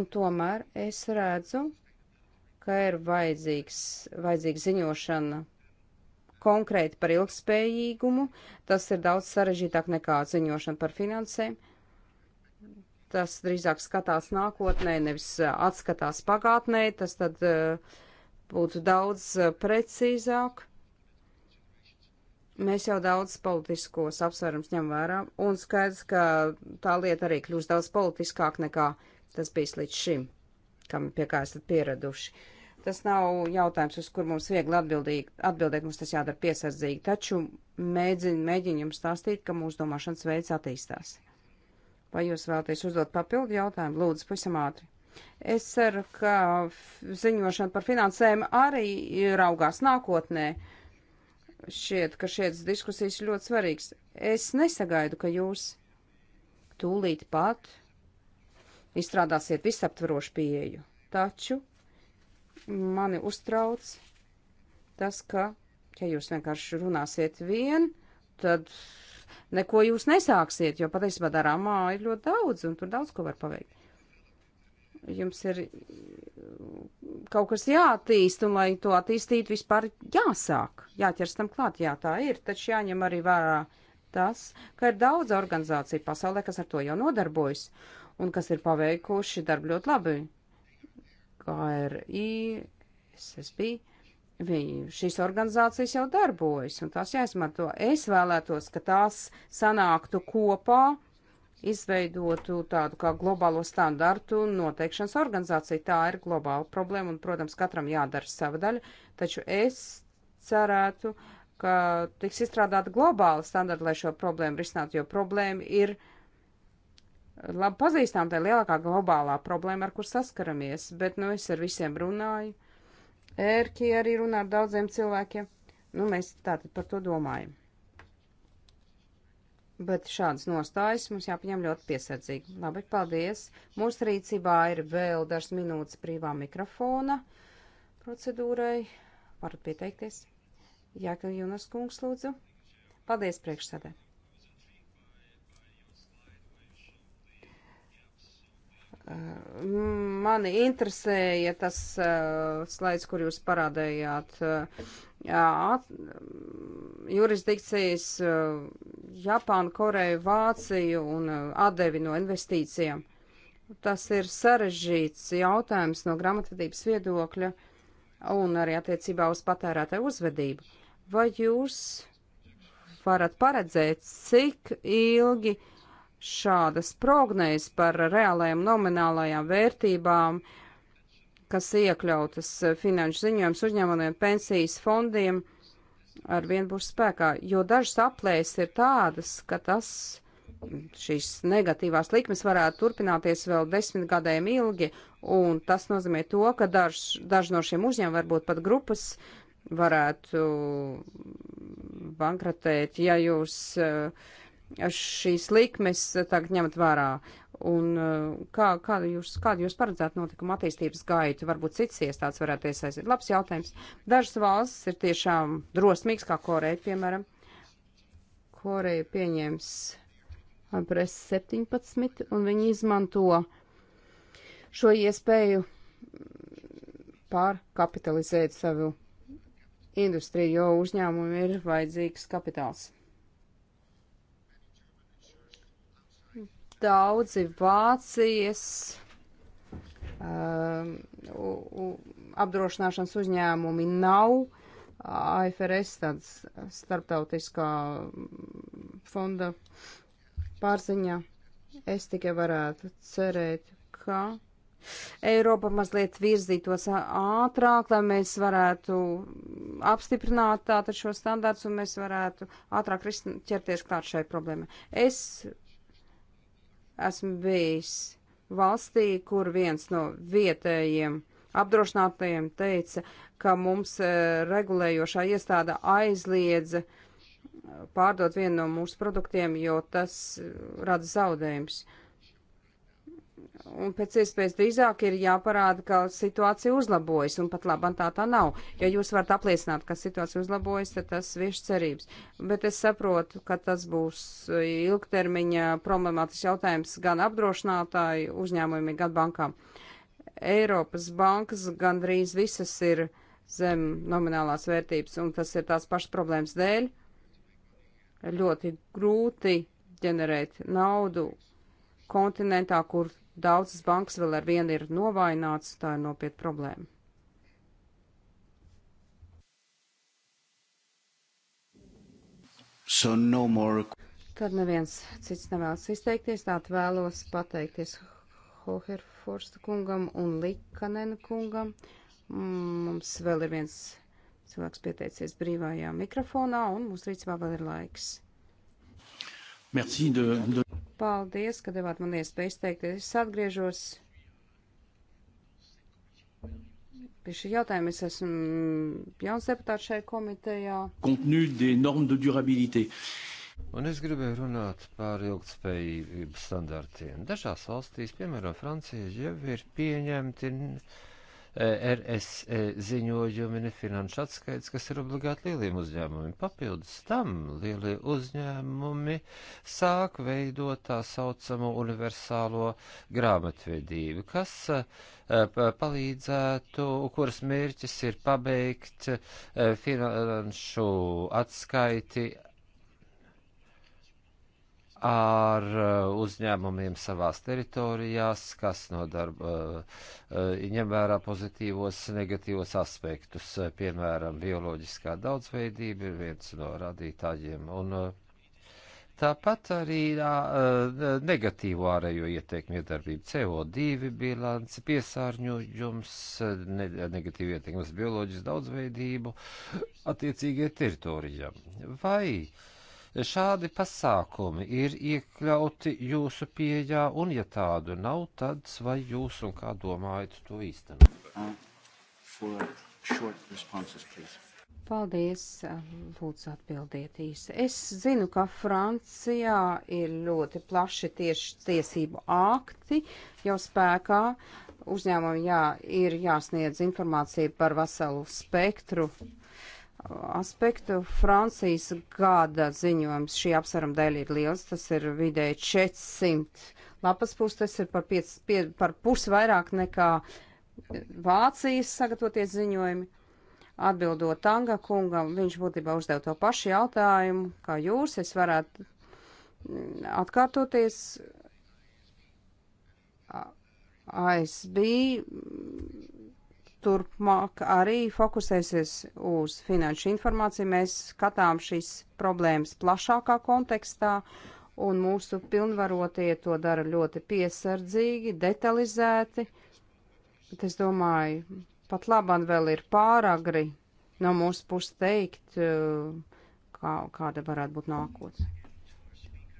Un tomēr es redzu, ka ir vajadzīgs, vajadzīga ziņošana konkrēti par ilgspējīgumu. Tas ir daudz sarežģītāk nekā ziņošana par finansēm. Tas drīzāk skatās nākotnē, nevis atskatās pagātnē. Tas tad būtu daudz precīzāk. Mēs jau daudz politiskos apsvērums ņem vērā, un skaidrs, ka tā lieta arī kļūst daudz politiskāk nekā tas bijis līdz šim, kam pie kā esat pieraduši. Uh, Tas nav jautājums, uz kur mums viegli atbildīt, atbildēt, mums tas jādara piesardzīgi, taču mēģinu, mēģinu jums stāstīt, ka mūsu domāšanas veids attīstās. Vai jūs vēlaties uzdot papildu jautājumu? Lūdzu, pavisam ātri. Es ceru, ka ziņošana par finansējumu arī raugās nākotnē. Šķiet, ka šīs diskusijas ir ļoti svarīgas. Es nesagaidu, ka jūs tūlīt pat izstrādāsiet visaptvarošu pieeju. Taču mani uztrauc tas, ka, ja jūs vienkārši runāsiet vien, tad neko jūs nesāksiet, jo patiesībā darāmā ir ļoti daudz un tur daudz ko var paveikt. Jums ir kaut kas jātīst, un lai to attīstītu, vispār jāsāk, jāķers tam klāt, jā, tā ir, taču jāņem arī vērā tas, ka ir daudz organizāciju pasaulē, kas ar to jau nodarbojas, un kas ir paveikuši darbu ļoti labi. KRI, SSB. Viņi, šīs organizācijas jau darbojas, un tās jāizmanto. Es vēlētos, ka tās sanāktu kopā, izveidotu tādu kā globālo standartu noteikšanas organizāciju. Tā ir globāla problēma, un, protams, katram jādara sava daļa, taču es cerētu, ka tiks izstrādāti globāli standarti, lai šo problēmu risinātu, jo problēma ir uh, labi pazīstām, tā ir lielākā globālā problēma, ar kur saskaramies, bet, nu, es ar visiem runāju. Ērķi arī runā ar daudziem cilvēkiem. Nu, mēs tātad par to domājam. Bet šādas nostājas mums jāpaņem ļoti piesardzīgi. Labi, paldies. Mūsu rīcībā ir vēl dažas minūtes brīvā mikrofona procedūrai. Varat pieteikties. Jā, ka Junas kungs lūdzu. Paldies priekšsēdē. Mani interesēja tas uh, slaids, kur jūs parādējāt uh, eh, jā, at, jurisdikcijas uh, Japānu, Koreju, Vāciju un uh, atdevi no investīcijām. Tas ir sarežģīts jautājums no grāmatvedības viedokļa un arī attiecībā uz patērētāju uzvedību. Vai jūs varat paredzēt, cik ilgi uh, šādas prognejas par reālajām nominālajām vērtībām, kas iekļautas finanšu ziņojums uzņēmumiem pensijas fondiem, ar vien būs spēkā, jo dažas aplēs ir tādas, ka tas šīs negatīvās likmes varētu turpināties vēl desmit gadiem ilgi, un tas nozīmē to, ka daži daž no šiem uzņēmumiem, varbūt pat grupas, varētu bankratēt, ja jūs uh, šīs likmes tagad ņemt vērā? Un uh, kā, kā jūs, kādu jūs paredzētu notikumu attīstības gaitu? Varbūt cits iestāds varētu iesaistīt. Labs jautājums. Dažas valstis ir tiešām drosmīgas, kā Koreja, piemēram. Koreja pieņems pres 17, un viņi izmanto šo iespēju pārkapitalizēt savu industriju, jo uzņēmumu ir vajadzīgs kapitāls. daudzi Vācijas um, apdrošināšanas uzņēmumi nav AFRS, tāds starptautiskā fonda pārziņā. Es tikai varētu cerēt, ka Eiropa mazliet virzītos ātrāk, lai mēs varētu apstiprināt tātad šo standārts un mēs varētu ātrāk ķerties klāt šai problēmai. Es Esmu bijis valstī, kur viens no vietējiem apdrošinātajiem teica, ka mums e, regulējošā iestāde aizliedza e, pārdot vienu no mūsu produktiem, jo tas e, rada zaudējumus. Un pēc iespējas drīzāk ir jāparāda, ka situācija uzlabojas, un pat labam tā tā nav. Ja jūs varat apliecināt, ka situācija uzlabojas, tad tas vieš cerības. Bet es saprotu, ka tas būs ilgtermiņa problemātisks jautājums gan apdrošinātāju uzņēmumiem, gan bankām. Eiropas bankas gandrīz visas ir zem nominālās vērtības, un tas ir tās pašas problēmas dēļ. Ļoti grūti ģenerēt naudu kontinentā, kur daudzas bankas vēl ar vienu ir novaināts, tā ir nopietna problēma. So no more... Tad neviens cits nevēlas izteikties, tā vēlos pateikties Hoherforsta kungam un Likanena kungam. Mums vēl ir viens cilvēks pieteicies brīvajā mikrofonā un mūsu rīcībā vēl ir laiks. Merci de, de... Paldies, ka devāt man iespēju izteikties. Es atgriežos pie šī jautājuma. Es esmu jauns deputāts šajā komitejā. Un es gribēju runāt par ilgtspējības standartiem. Dažās valstīs, piemēram, Francija, jau ir pieņemti. In RSE ziņojumi, ne finanšu atskaits, kas ir obligāti lieliem uzņēmumiem. Papildus tam lielie uzņēmumi sāk veidot tā saucamo universālo grāmatvedību, kas eh, palīdzētu, kuras mērķis ir pabeigt eh, finanšu atskaiti ar uh, uzņēmumiem savās teritorijās, kas nodarba, uh, uh, ņem vērā pozitīvos, negatīvos aspektus. Piemēram, bioloģiskā daudzveidība ir viens no radītājiem. Un, tāpat arī negatīvo ārējo ieteikumu iedarbību CO2 bilanci, piesārņojums, ne, negatīvi ieteikums bioloģisku daudzveidību attiecīgajai teritorijai. Vai uh, Šādi pasākumi ir iekļauti jūsu pieejā, un ja tādu nav, tad vai jūs un kā domājat to īstenot? Uh, Paldies, uh, lūdzu atbildiet īsi. Es zinu, ka Francijā ir ļoti plaši tieši tiesību akti jau spēkā. Uzņēmumam jā, ir jāsniedz informācija par veselu spektru aspektu. Francijas gada ziņojums šī apsveruma dēļ ir liels. Tas ir vidēji 400 lapas puses, tas ir par, piec, pie, par pus vairāk nekā Vācijas sagatavoties ziņojumi. Atbildot Tanga kungam, viņš būtībā uzdev to pašu jautājumu, kā jūs, es varētu atkārtoties. ASB turpmāk arī fokusēsies uz finanšu informāciju. Mēs skatām šīs problēmas plašākā kontekstā, un mūsu pilnvarotie to dara ļoti piesardzīgi, detalizēti. Bet es domāju, pat labāk vēl ir pāragri no mūsu puses teikt, uh, kā, kāda varētu būt nākotne.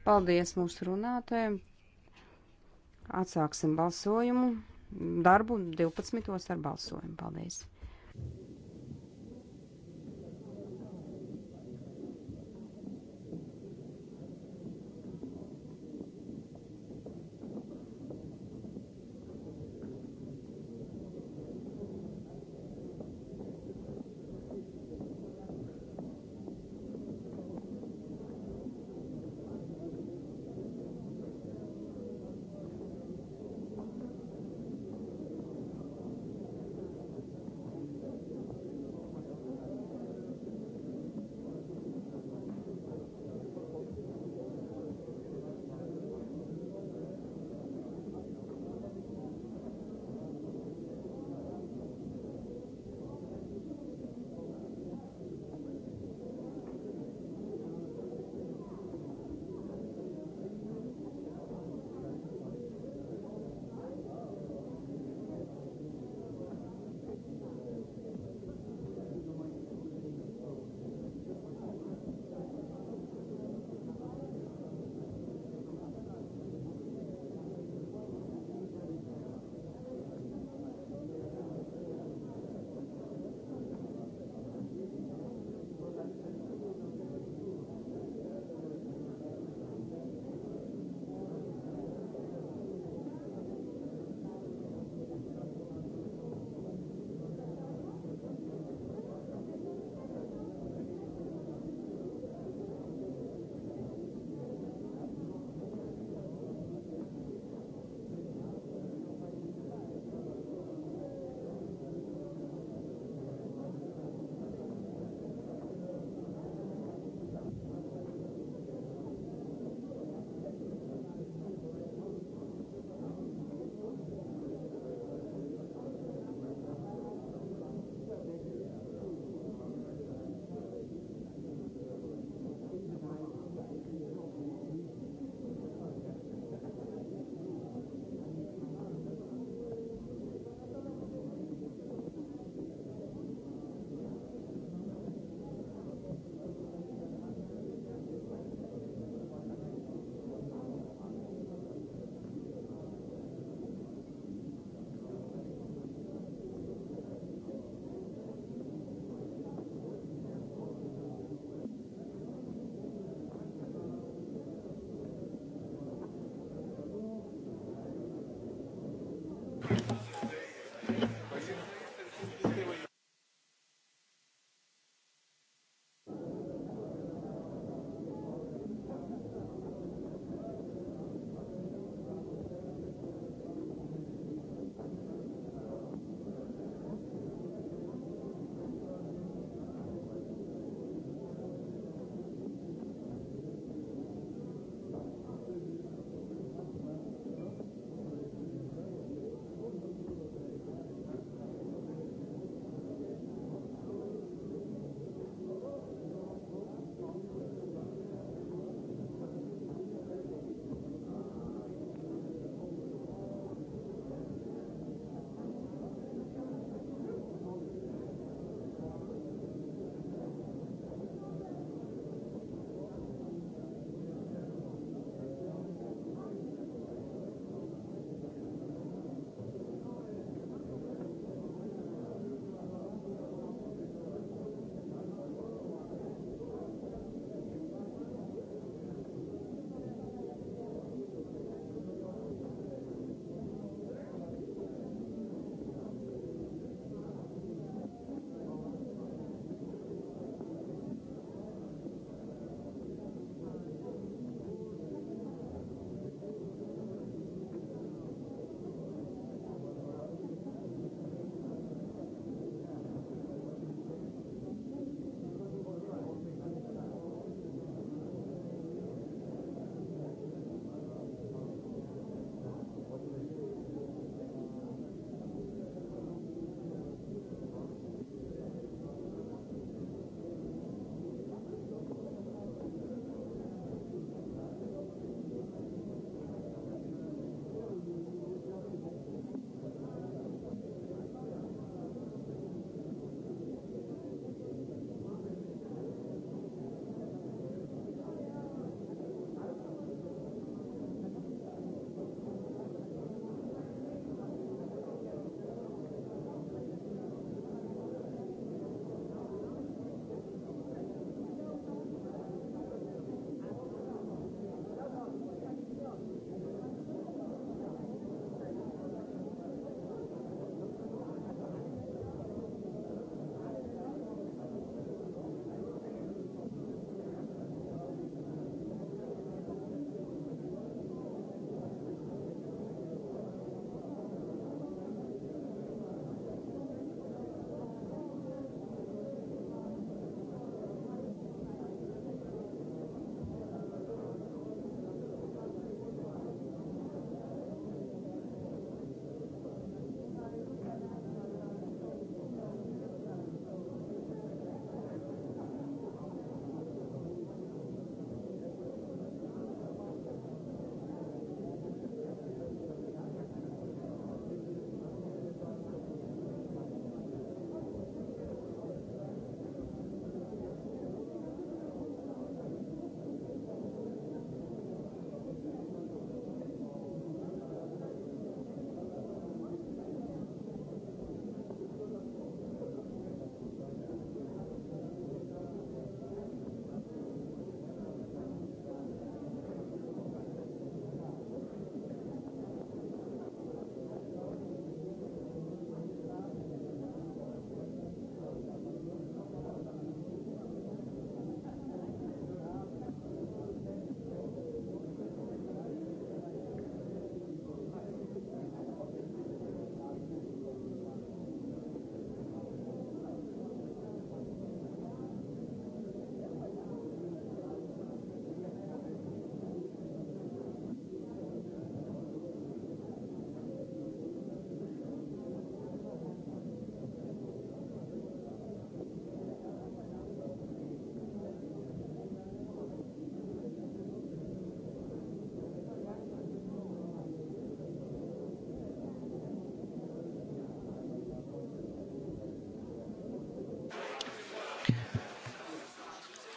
Paldies mūsu runātājiem! Atsāksim balsojumu darbu 12. ar balsojumu. Paldies!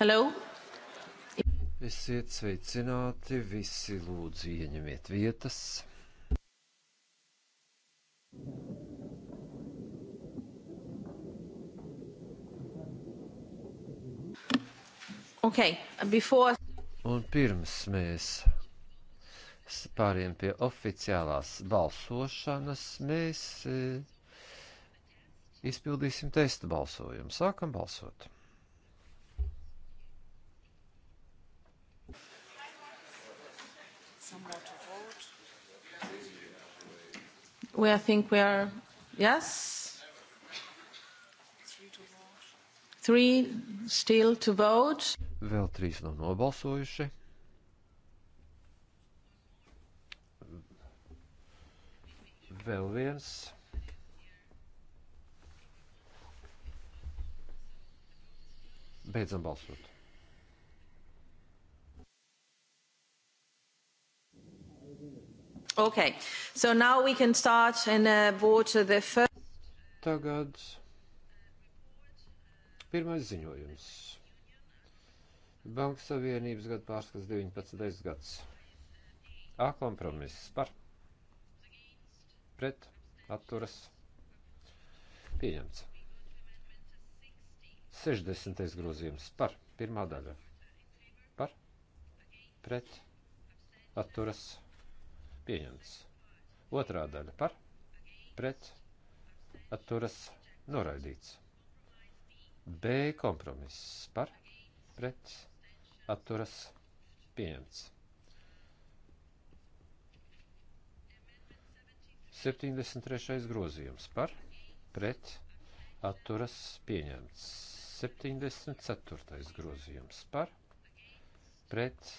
Hello! Esiet sveicināti, visi lūdzu ieņemiet vietas. Okay, before... Un pirms mēs pāriem pie oficiālās balsošanas, mēs e, izpildīsim testa balsojumu. Sākam balsot! we I think we are yes three still to vote vēl trīs nav nobalsojuši vēl viens beidzam balsot Okay, so now we can start and uh, vote the first. Tagad pirmais ziņojums. Banka Savienības gada pārskats 19. gads. A kompromiss par pret atturas pieņemts. 60. grozījums par pirmā daļa par pret atturas pieņemts pieņemts. Otrā daļa par, pret, atturas, noraidīts. B kompromiss par, pret, atturas, pieņemts. 73. grozījums par, pret, atturas, pieņemts. 74. grozījums par, pret,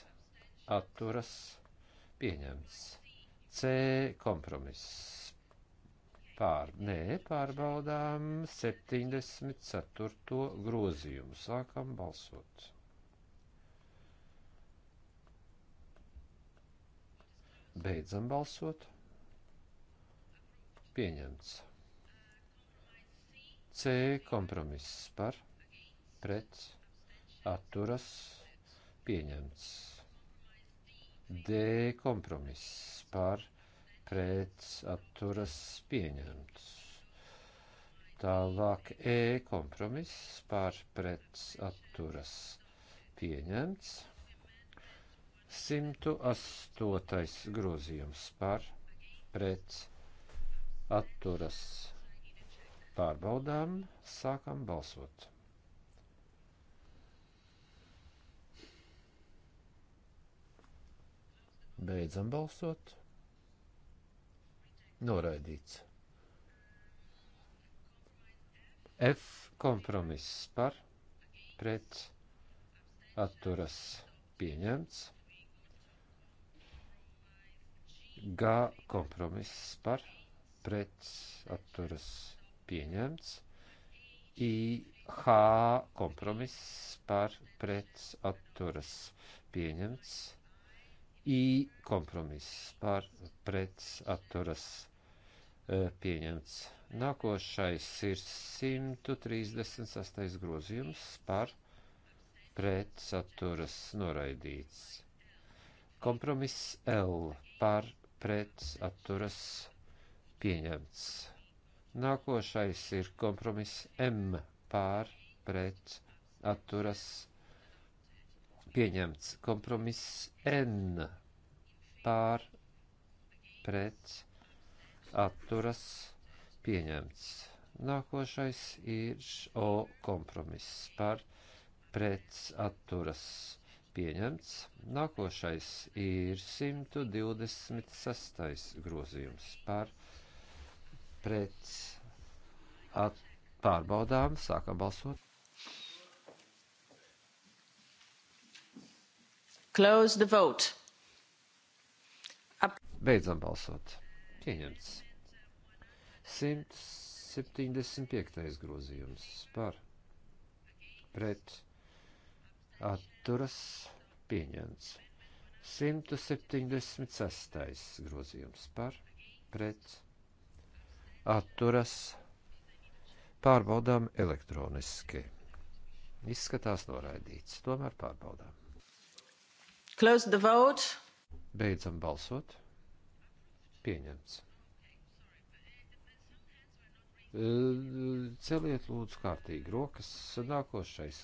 atturas, pieņemts. C kompromiss. Pār, nē, pārbaudām 74. grozījumu. Sākam balsot. Beidzam balsot. Pieņemts. C kompromiss par, pret, atturas, pieņemts. D kompromiss par pret atturas pieņemts. Tālāk E kompromiss par pret atturas pieņemts. 108. grozījums par pret atturas pārbaudām sākam balsot. Beidzam balsot. Noraidīts. F kompromiss par pret atturas pieņemts. G kompromiss par pret atturas pieņemts. I H kompromiss par pret atturas pieņemts. I kompromiss par pret atturas e, pieņemts. Nākošais ir 136. grozījums par pret atturas noraidīts. Kompromiss L par pret atturas pieņemts. Nākošais ir kompromiss M pār pret atturas pieņemts pieņemts kompromiss N pār pret atturas pieņemts. Nākošais ir O kompromiss par pret atturas pieņemts. Nākošais ir 126. grozījums par pret at pārbaudām. Sākam balsot. Close the vote. Ap Beidzam balsot. Pieņemts. 175. grozījums par pret atturas pieņemts. 176. grozījums par pret atturas pārbaudām elektroniski. Izskatās noraidīts, tomēr pārbaudām. Close the vote. Beidzam balsot. Pieņemts. Eh, celiet lūdzu kārtīgi rokas. Nākošais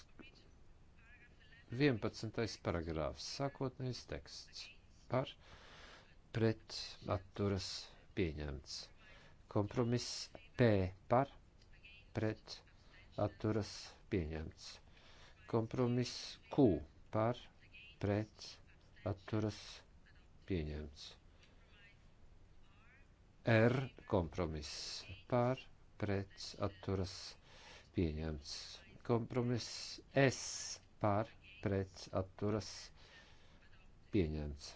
11. paragrāfs, sākotnējais teksts par pret atturas pieņemts. Kompromiss P par pret atturas pieņemts. Kompromiss Q par pret atturas pieņemts. R kompromiss par pret atturas pieņemts. Kompromiss S par pret atturas pieņemts.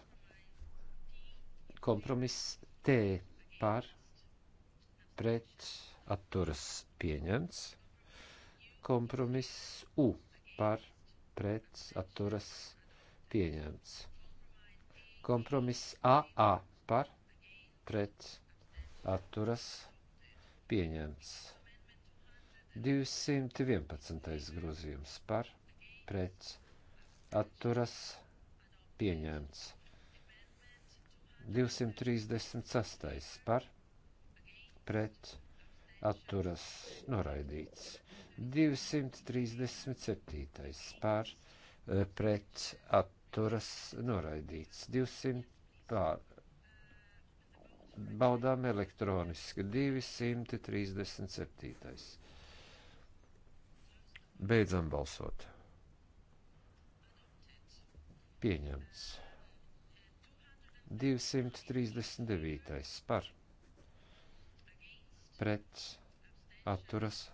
Kompromiss T par pret atturas pieņemts. Kompromiss U par pret atturas pieņemts pieņemts. Kompromiss AA par pret atturas pieņemts. 211. grozījums par pret atturas pieņemts. 236. par pret atturas noraidīts. 237. par pret atturas atturas noraidīts. 200 pār. Baudām elektroniski 237. Beidzam balsot. Pieņemts. 239. par pret atturas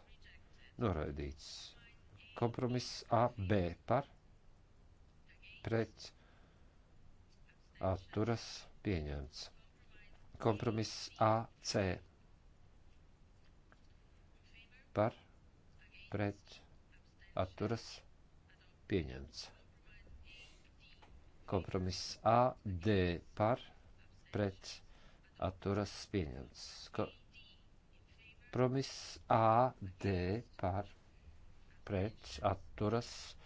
noraidīts. Kompromiss AB par pret pret atturas pieņemts. Kompromiss AC par pret atturas pieņemts. Kompromiss AD par pret atturas pieņemts. Kompromiss AD par pret atturas pieņemts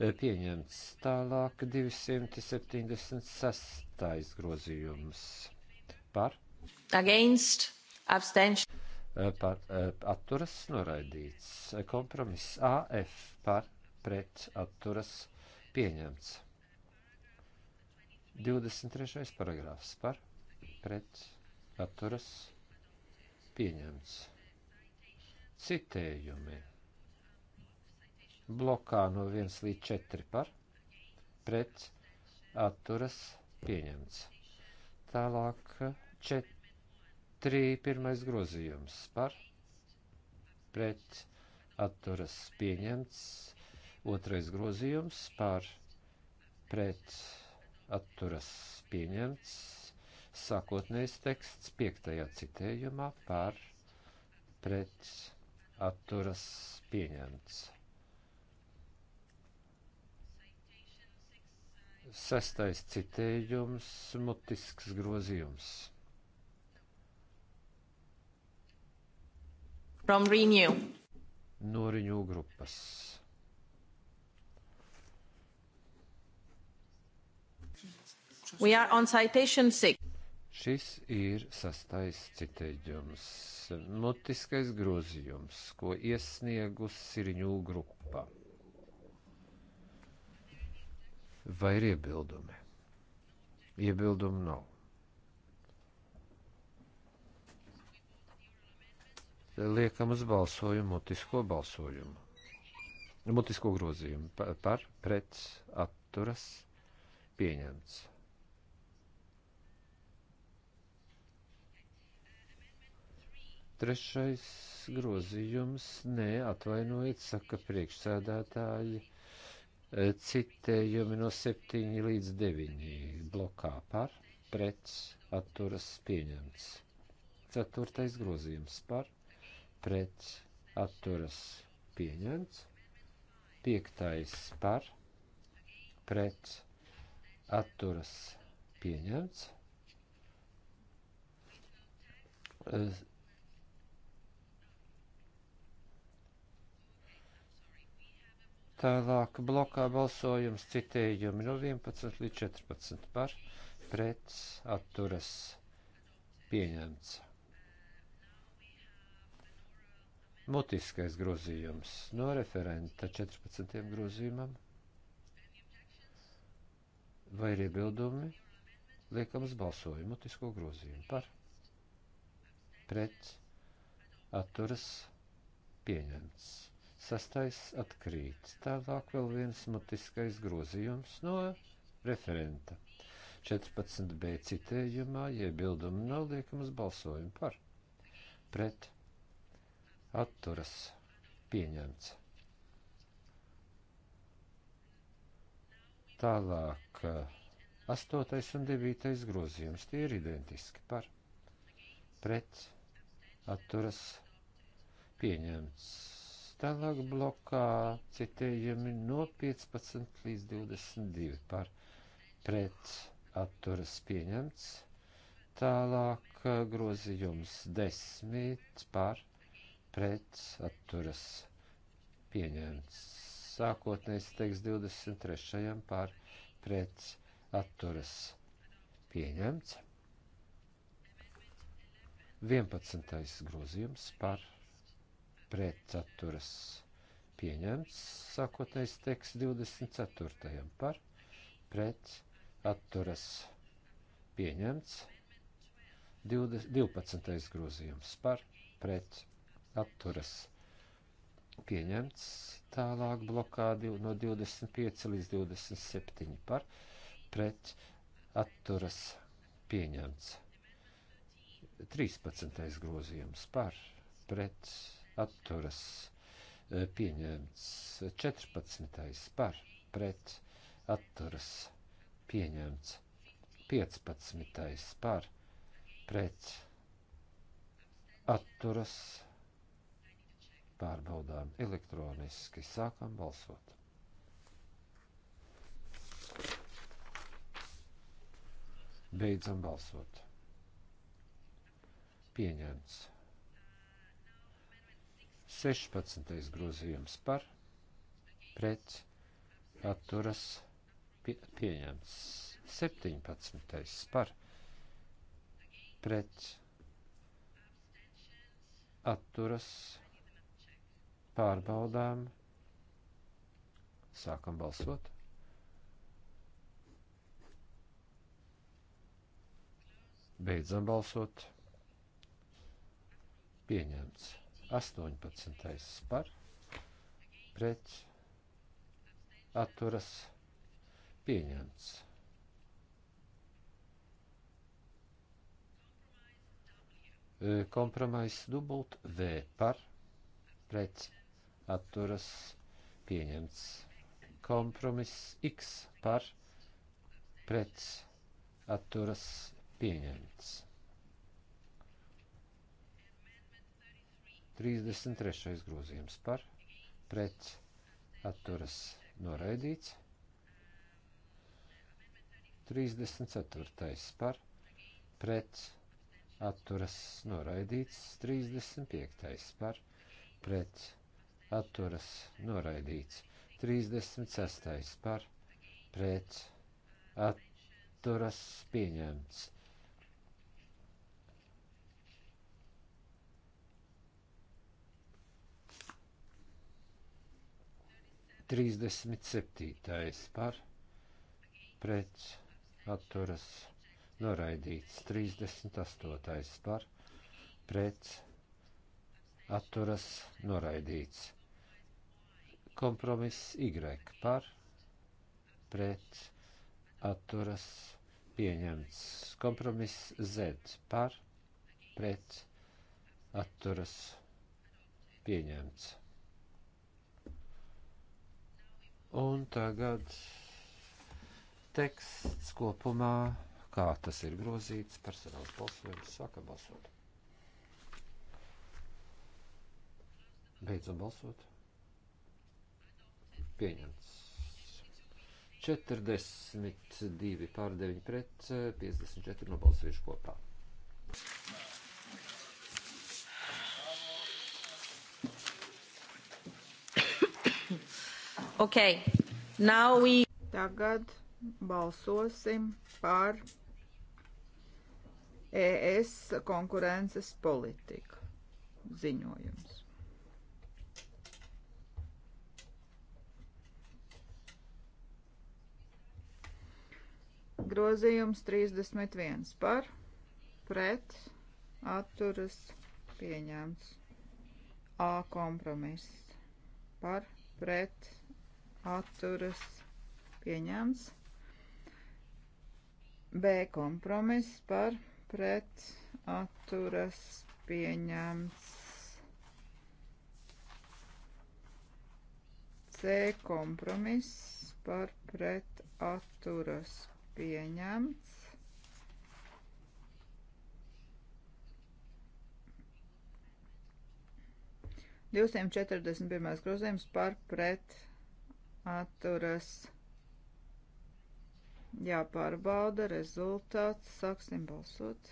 pieņemts. Tālāk 276. grozījums par against abstention. Eh, par eh, atturas noraidīts. Kompromiss AF par pret atturas pieņemts. 23. paragrāfs par pret atturas pieņemts. Citējumi blokā no 1 līdz 4 par pret atturas pieņemts. Tālāk 4 pirmais grozījums par pret atturas pieņemts. Otrais grozījums par pret atturas pieņemts. Sākotnējs teksts piektajā citējumā par pret atturas pieņemts. Sestais citējums, mutisks grozījums. From Renew. No Renew grupas. We are on citation 6. Šis ir sastais citējums, mutiskais grozījums, ko iesniegusi Siriņū grupa. Vai ir iebildumi? Iebildumu nav. Liekam uz balsojumu, mutisko balsojumu. Mutisko grozījumu par, par pret atturas pieņemts. Trešais grozījums, nē, atvainojiet, saka priekšsēdētāji citējumi no 7 līdz 9 blokā par, pret, atturas pieņemts. Ceturtais grozījums par, pret, atturas pieņemts. Piektais par, pret, atturas pieņemts. Tālāk blokā balsojums citējumi no 11 līdz 14 par pret atturas pieņemts. Mutiskais grozījums no referenta 14. grozījumam. Vai ir iebildumi? Liekam uz balsojumu mutisko grozījumu par pret atturas pieņemts. Sastais atkrīt. Tālāk vēl viens mutiskais grozījums no referenta. 14b citējumā iebildumu nav liekamas balsojumu par. Pret. Atturas. Pieņemts. Tālāk. 8. un 9. grozījums tie ir identiski par. Pret. Atturas. Pieņemts. Tālāk blokā citējumi no 15 līdz 22 par pret atturas pieņemts. Tālāk eh, grozījums 10 par pret atturas pieņemts. Sākotnējs teiks 23 par pret atturas pieņemts. 11. grozījums par pret pretsaturas pieņemts, sākotnējs teksts 24. par pretsaturas pieņemts, 20, 12. grozījums par pretsaturas pieņemts, tālāk blokā no 25 līdz 27 par pretsaturas pieņemts. 13. grozījums par pretsaturas atturas eh, pieņemts 14. par pret atturas pieņemts 15. par pret atturas pārbaudām elektroniski sākam balsot. Beidzam balsot. Pieņemts. 16. grozījums par pret atturas pie, pieņemts. 17. par pret atturas pārbaudām. Sākam balsot. Beidzam balsot. Pieņemts. 18. par pret atturas pieņemts. E, Kompromiss dubult V par pret atturas pieņemts. Kompromiss X par pret atturas pieņemts. 33. grozījums par pret atturas noraidīts. 34. par pret atturas noraidīts. 35. par pret atturas noraidīts. 36. par pret atturas pieņemts. 37. par pret atturas noraidīts. 38. par pret atturas noraidīts. Kompromiss Y par pret atturas pieņemts. Kompromiss Z par pret atturas pieņemts. Un tagad teksts kopumā, kā tas ir grozīts, personāls balsojums sākam balsot. Beidzam balsot. Pieņemts. 42 pār 9 pret 54 nobalsojuši kopā. Okay. Now we... Tagad balsosim par ES konkurences politiku ziņojums. Grozījums 31 par, pret, atturas, pieņemts. A kompromiss par, pret, atturas pieņemts. B kompromiss par pret atturas pieņemts. C kompromiss par pret atturas pieņemts. Divsimt četrdesmit pirmais grozījums par pret atturas pieņemts atturas jāpārbauda rezultāts. Sāksim balsot.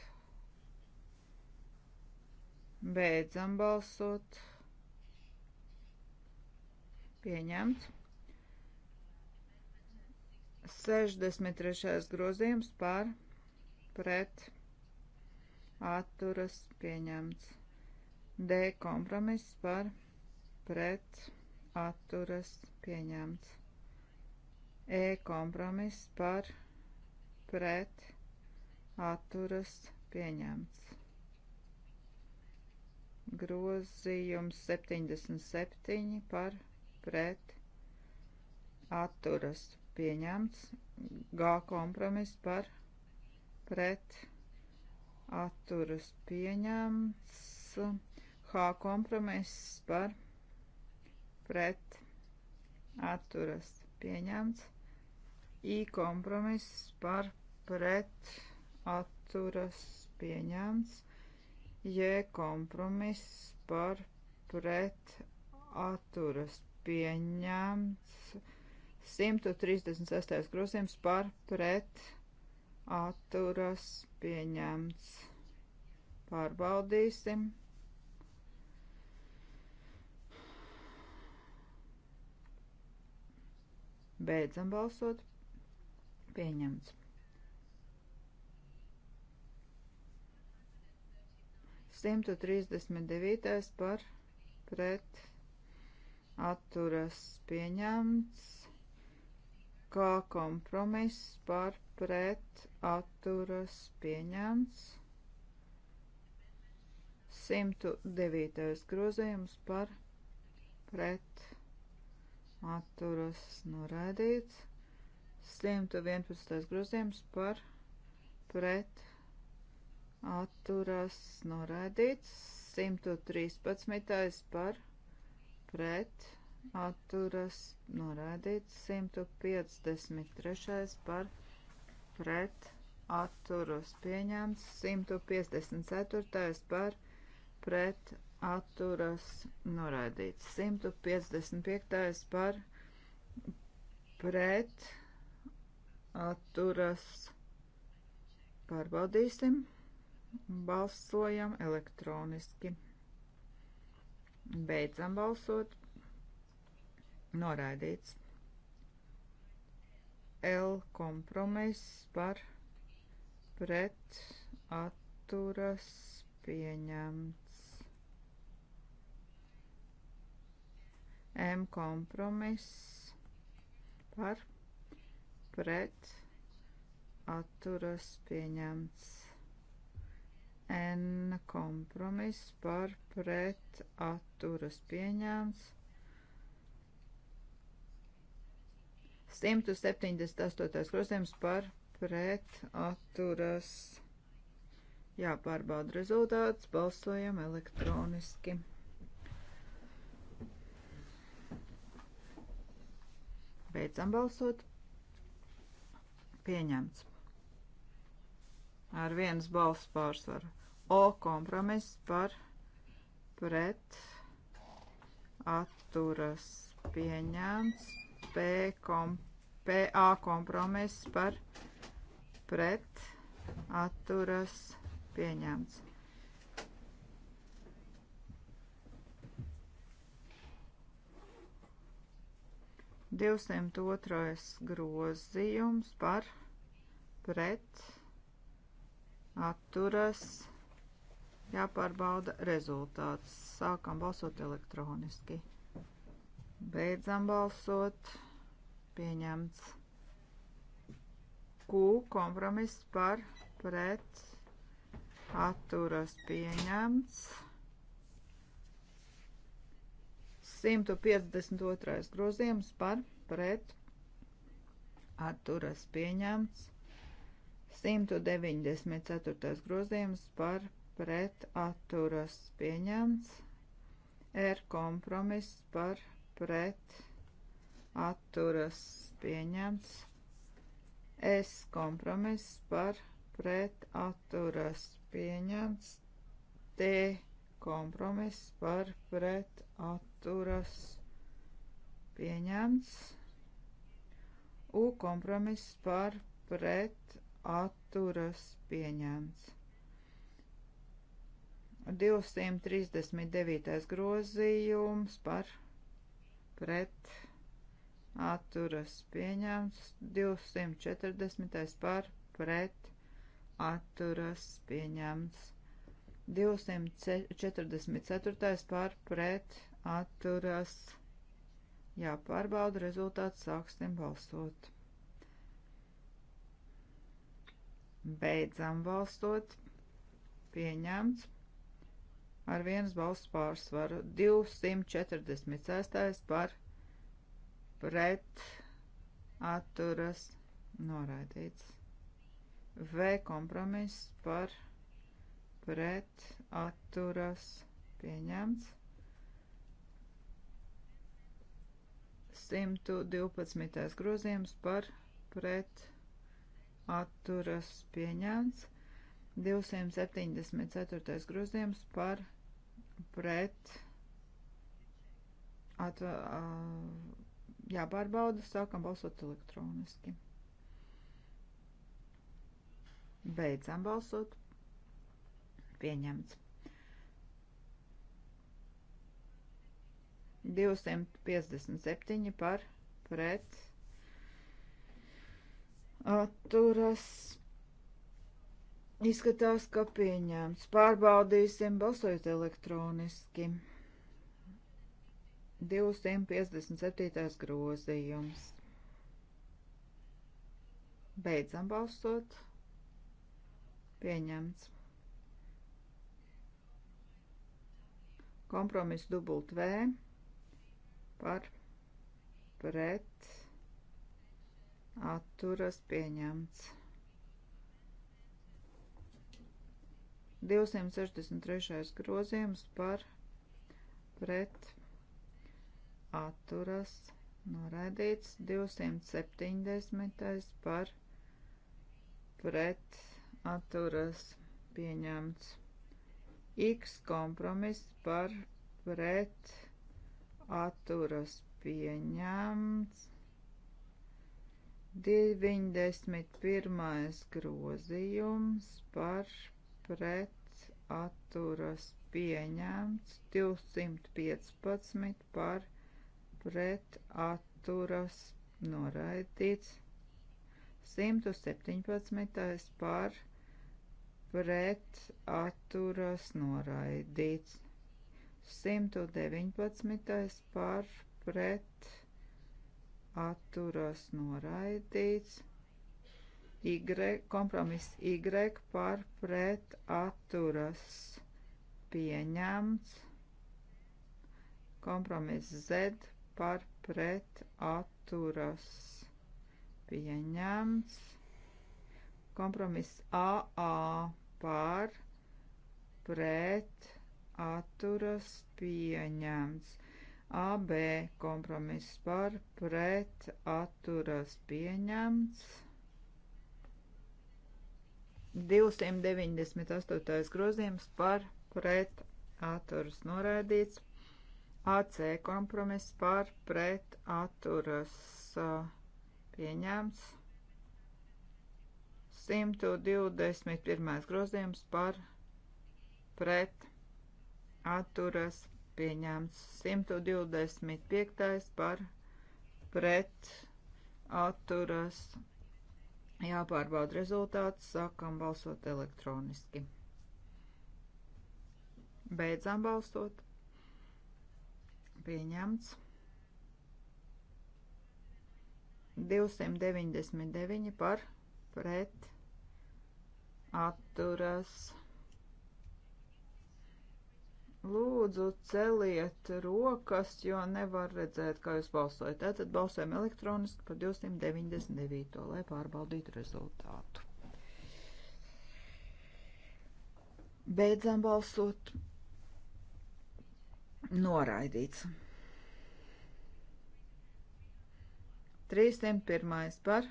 Beidzam balsot. Pieņemt. 63. grozījums par pret atturas pieņemts. D kompromiss par pret atturas atturas pieņemts. E kompromiss par pret atturas pieņemts. Grozījums 77 par pret atturas pieņemts. G kompromiss par pret atturas pieņemts. H kompromiss par pret pret atturas pieņemts. I kompromiss par pret atturas pieņemts. J kompromiss par pret atturas pieņemts. 136. grozījums par pret atturas pieņemts. Pārbaudīsim. Beidzam balsot. Pieņemts. 139. par pret atturas pieņemts, kā kompromiss par pret atturas pieņemts, 109. grozījums par pret atturas noraidīts. 111. grozījums par pret atturas noraidīts. 113. par pret atturas noraidīts. 153. par pret atturas pieņemts. 154. par pret atturas noraidīts. 155. par pret atturas pārbaudīsim. Balsojam elektroniski. Beidzam balsot. Noraidīts. L kompromiss par pret atturas pieņemts. M kompromiss par pret atturas pieņemts. N kompromiss par pret atturas pieņemts. 178. grozījums par pret atturas jāpārbauda rezultāts, balsojam elektroniski. Beidzam balsot. Pieņemts. Ar vienas balss pārsvaru. O kompromiss par pret atturas pieņemts. P kom, PA kompromiss par pret atturas pieņemts. 202. grozījums par pret atturas jāpārbauda rezultāts. Sākam balsot elektroniski. Beidzam balsot. Pieņemts. Q kompromiss par pret atturas pieņemts. 152. grozījums par pret atturas pieņemts. 194. grozījums par pret atturas pieņemts. R kompromiss par pret atturas pieņemts. S kompromiss par pret atturas pieņemts. T kompromiss par pret atturas atturas pieņemts. U kompromiss par pret atturas pieņemts. 239. grozījums par pret atturas pieņemts. 240. par pret atturas pieņemts. 244. par pret atturās. Jāpārbauda rezultāts, sāksim balsot. Beidzam balsot. Pieņemts. Ar vienas balsts pārsvaru 246 par pret atturas noraidīts. V kompromiss par pret atturas pieņemts. 112. grozījums par pret atturas pieņemts. 274. grozījums par pret atva, jāpārbauda, sākam balsot elektroniski. Beidzam balsot. Pieņemts. 257 par pret atturas. Izskatās, ka pieņēmts. Pārbaudīsim, balsojot elektroniski. 257. grozījums. Beidzam balsot. Pieņemts. Kompromiss dubult V par pret atturas pieņemts. 263. grozījums par pret atturas noraidīts, 270. par pret atturas pieņemts, x kompromiss par pret atturas atturas pieņemts. 91. grozījums par pret atturas pieņemts, 215 par pret atturas noraidīts, 117 par pret atturas noraidīts. 119. par pret atturas noraidīts. Y, kompromiss Y par pret atturas pieņemts. Kompromiss Z par pret atturas pieņemts. Kompromiss AA par pret atturas atturas pieņemts. AB kompromiss par pret atturas pieņemts. 298. grozījums par pret atturas noraidīts. AC kompromiss par pret atturas pieņemts. 121. grozījums par pret atturas pieņemts 125 par pret atturas jāpārbauda rezultāts, sākam balsot elektroniski. Beidzām balsot. Pieņemts. 299 par pret atturas Lūdzu, celiet rokas, jo nevar redzēt, kā jūs balsojat. Tātad balsojam elektroniski par 299, lai pārbaudītu rezultātu. Beidzam balsot. Noraidīts. 301 par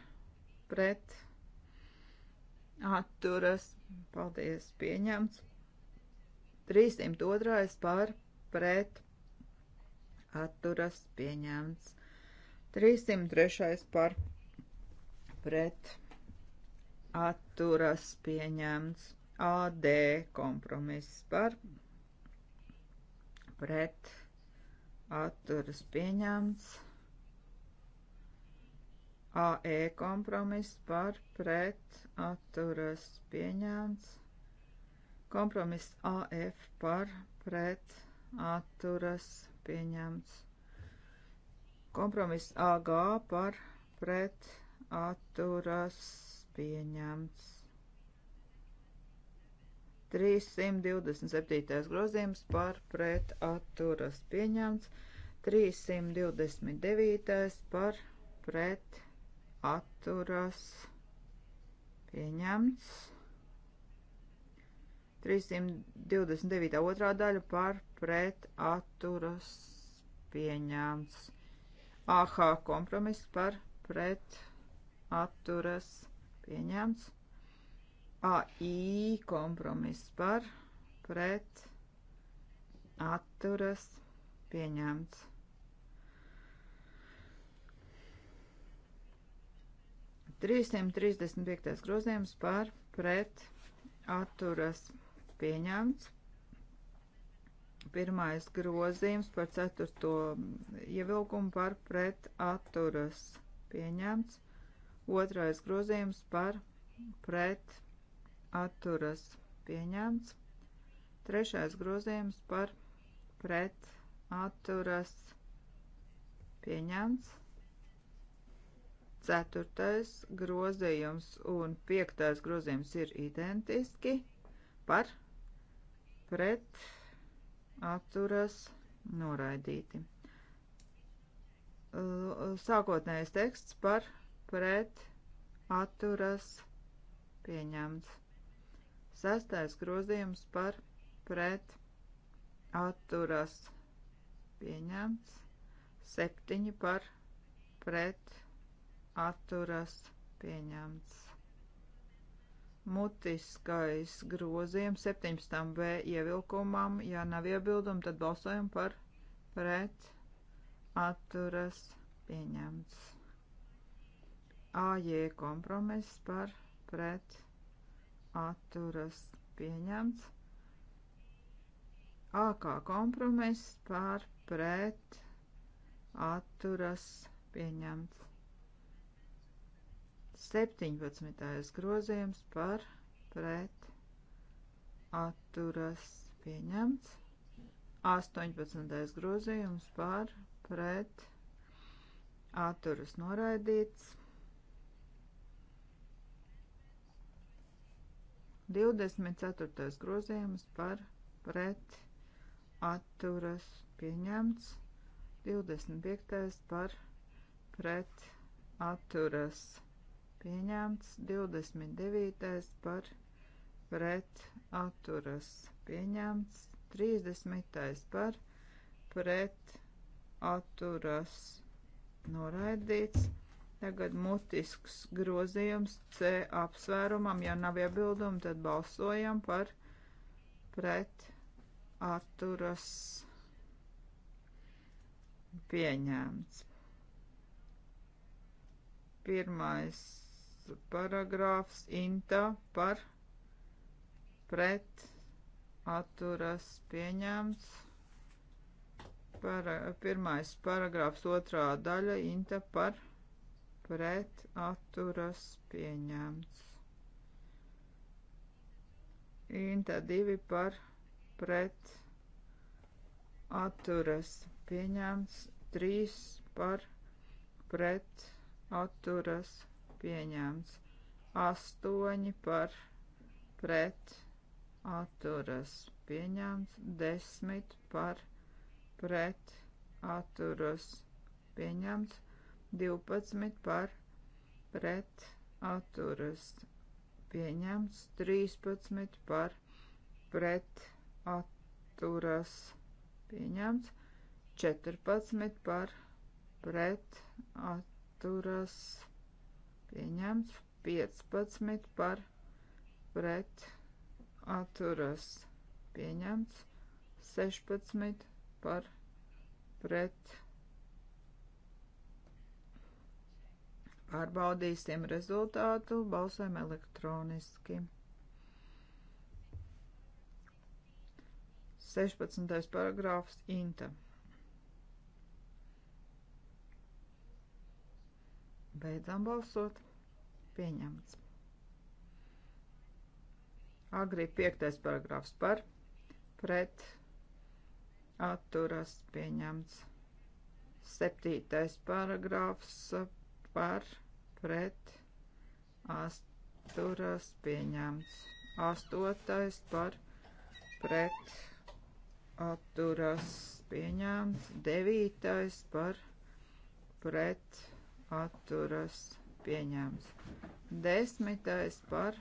pret atturas. Paldies, pieņemts. 302. par pret atturas pieņemts. 303. par pret atturas pieņemts. AD kompromiss par pret atturas pieņemts. AE kompromiss par pret atturas pieņemts. Kompromiss AF par pret atturas pieņemts. Kompromiss AG par pret atturas pieņemts. 327. grozījums par pret atturas pieņemts. 329. par pret atturas pieņemts. 329. otrā daļa par pret atturas pieņēmts. AH kompromiss par pret atturas pieņēmts. AI kompromiss par pret atturas pieņēmts. Trīsdesmit piektais grozījums par pret atturas pieņemts. Pirmais grozījums par ceturto ievilkumu par pret atturas pieņemts. Otrais grozījums par pret atturas pieņemts. Trešais grozījums par pret atturas pieņemts. Ceturtais grozījums un piektais grozījums ir identiski par pret pret atturas noraidīti. Sākotnējais teksts par pret atturas pieņemts. Sestais grozījums par pret atturas pieņemts. Septiņi par pret atturas pieņemts mutiskais grozījums 17. B ievilkumam. Ja nav iebildumi, tad balsojam par pret atturas pieņemts. AJ kompromiss par pret atturas pieņemts. AK kompromiss par pret atturas pieņemts. 17. grozījums par pret atturas pieņemts. 18. grozījums par pret atturas noraidīts. 24. grozījums par pret atturas pieņemts. 25. par pret atturas pieņemts pieņemts, 29. par pret atturas pieņemts, 30. par pret atturas noraidīts. Tagad mutisks grozījums C apsvērumam, ja nav iebildumi, tad balsojam par pret atturas pieņēmts. Pirmais paragrāfs Inta par pret atturas pieņemts. Para, pirmais paragrāfs otrā daļa Inta par pret atturas pieņemts. Inta divi par pret atturas pieņemts. Trīs par pret atturas pieņemts pieņemts. 8 par pret atturas pieņemts. 10 par pret atturas pieņemts. 12 par pret atturas pieņemts. 13 par pret atturas pieņemts. 14 par pret atturas pieņemts. 14 par pret atturas pieņemts 15 par pret atturas pieņemts 16 par pret pārbaudīsim rezultātu balsēm elektroniski 16. paragrāfs Inta Beidzām balsot. Pieņemts. Agri 5. paragrāfs par pret atturas pieņemts. 7. paragrāfs par pret atturas pieņemts. 8. par pret atturas pieņemts. 9. par pret atturas pieņemts atturas pieņemts. Desmitais par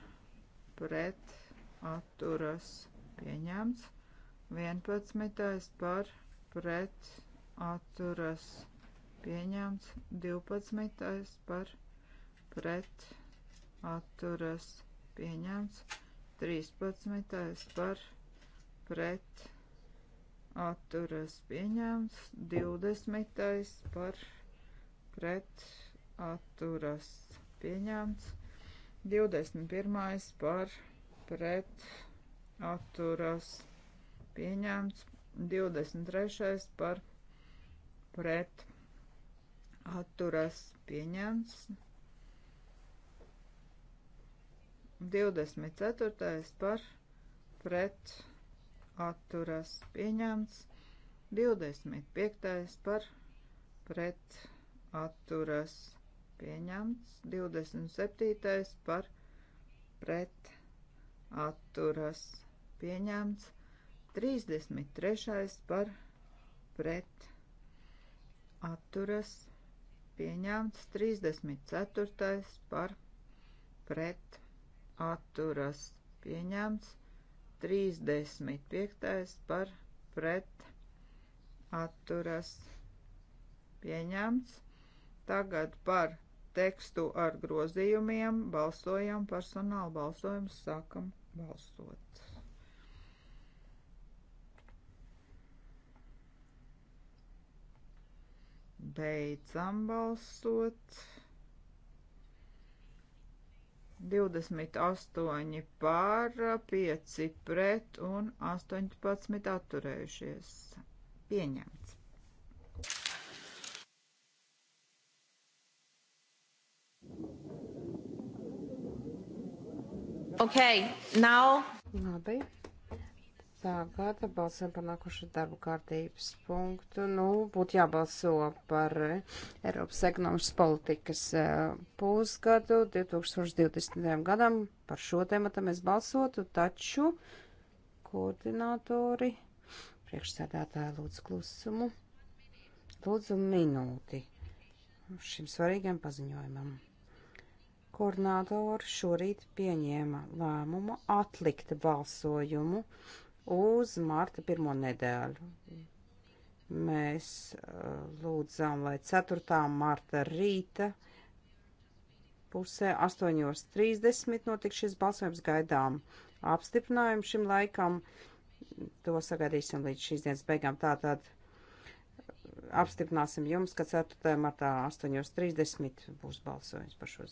pret atturas pieņemts. Vienpadsmitais par pret atturas pieņemts. Divpadsmitais par pret atturas pieņemts. Trīspadsmitais par pret atturas pieņemts. Divdesmitais par pret pret atturas pieņemts. 21. par pret atturas pieņemts. 23. par pret atturas pieņemts. 24. par pret atturas pieņemts, 25. par pret atturas pieņemts, 27. par pret atturas pieņemts, 33. par pret atturas pieņemts, 34. par pret atturas pieņemts, 35. par pret atturas pieņemts, Tagad par tekstu ar grozījumiem balsojam personāla balsojums, sākam balsot. Beidzam balsot. 28 pār, 5 pret un 18 atturējušies. Pieņemts. Okay, now... Labi. Tagad balsojam par nākošo darbu kārtības punktu. Nu, būtu jābalso par eh, Eiropas ekonomikas politikas eh, pusgadu 2020. gadam. Par šo tematu mēs balsotu, taču koordinātori priekšsēdētāja lūdzu klusumu. Lūdzu minūti šim svarīgam paziņojumam. Koordinātori šorīt pieņēma lēmumu atlikt balsojumu uz marta pirmo nedēļu. Mēs uh, lūdzām, lai 4. marta rīta pusē 8.30 notiks šis balsojums gaidām apstiprinājumu šim laikam. To sagaidīsim līdz šīs dienas beigām. Tātad uh, apstiprināsim jums, ka 4. martā 8.30 būs balsojums par šo ziņu.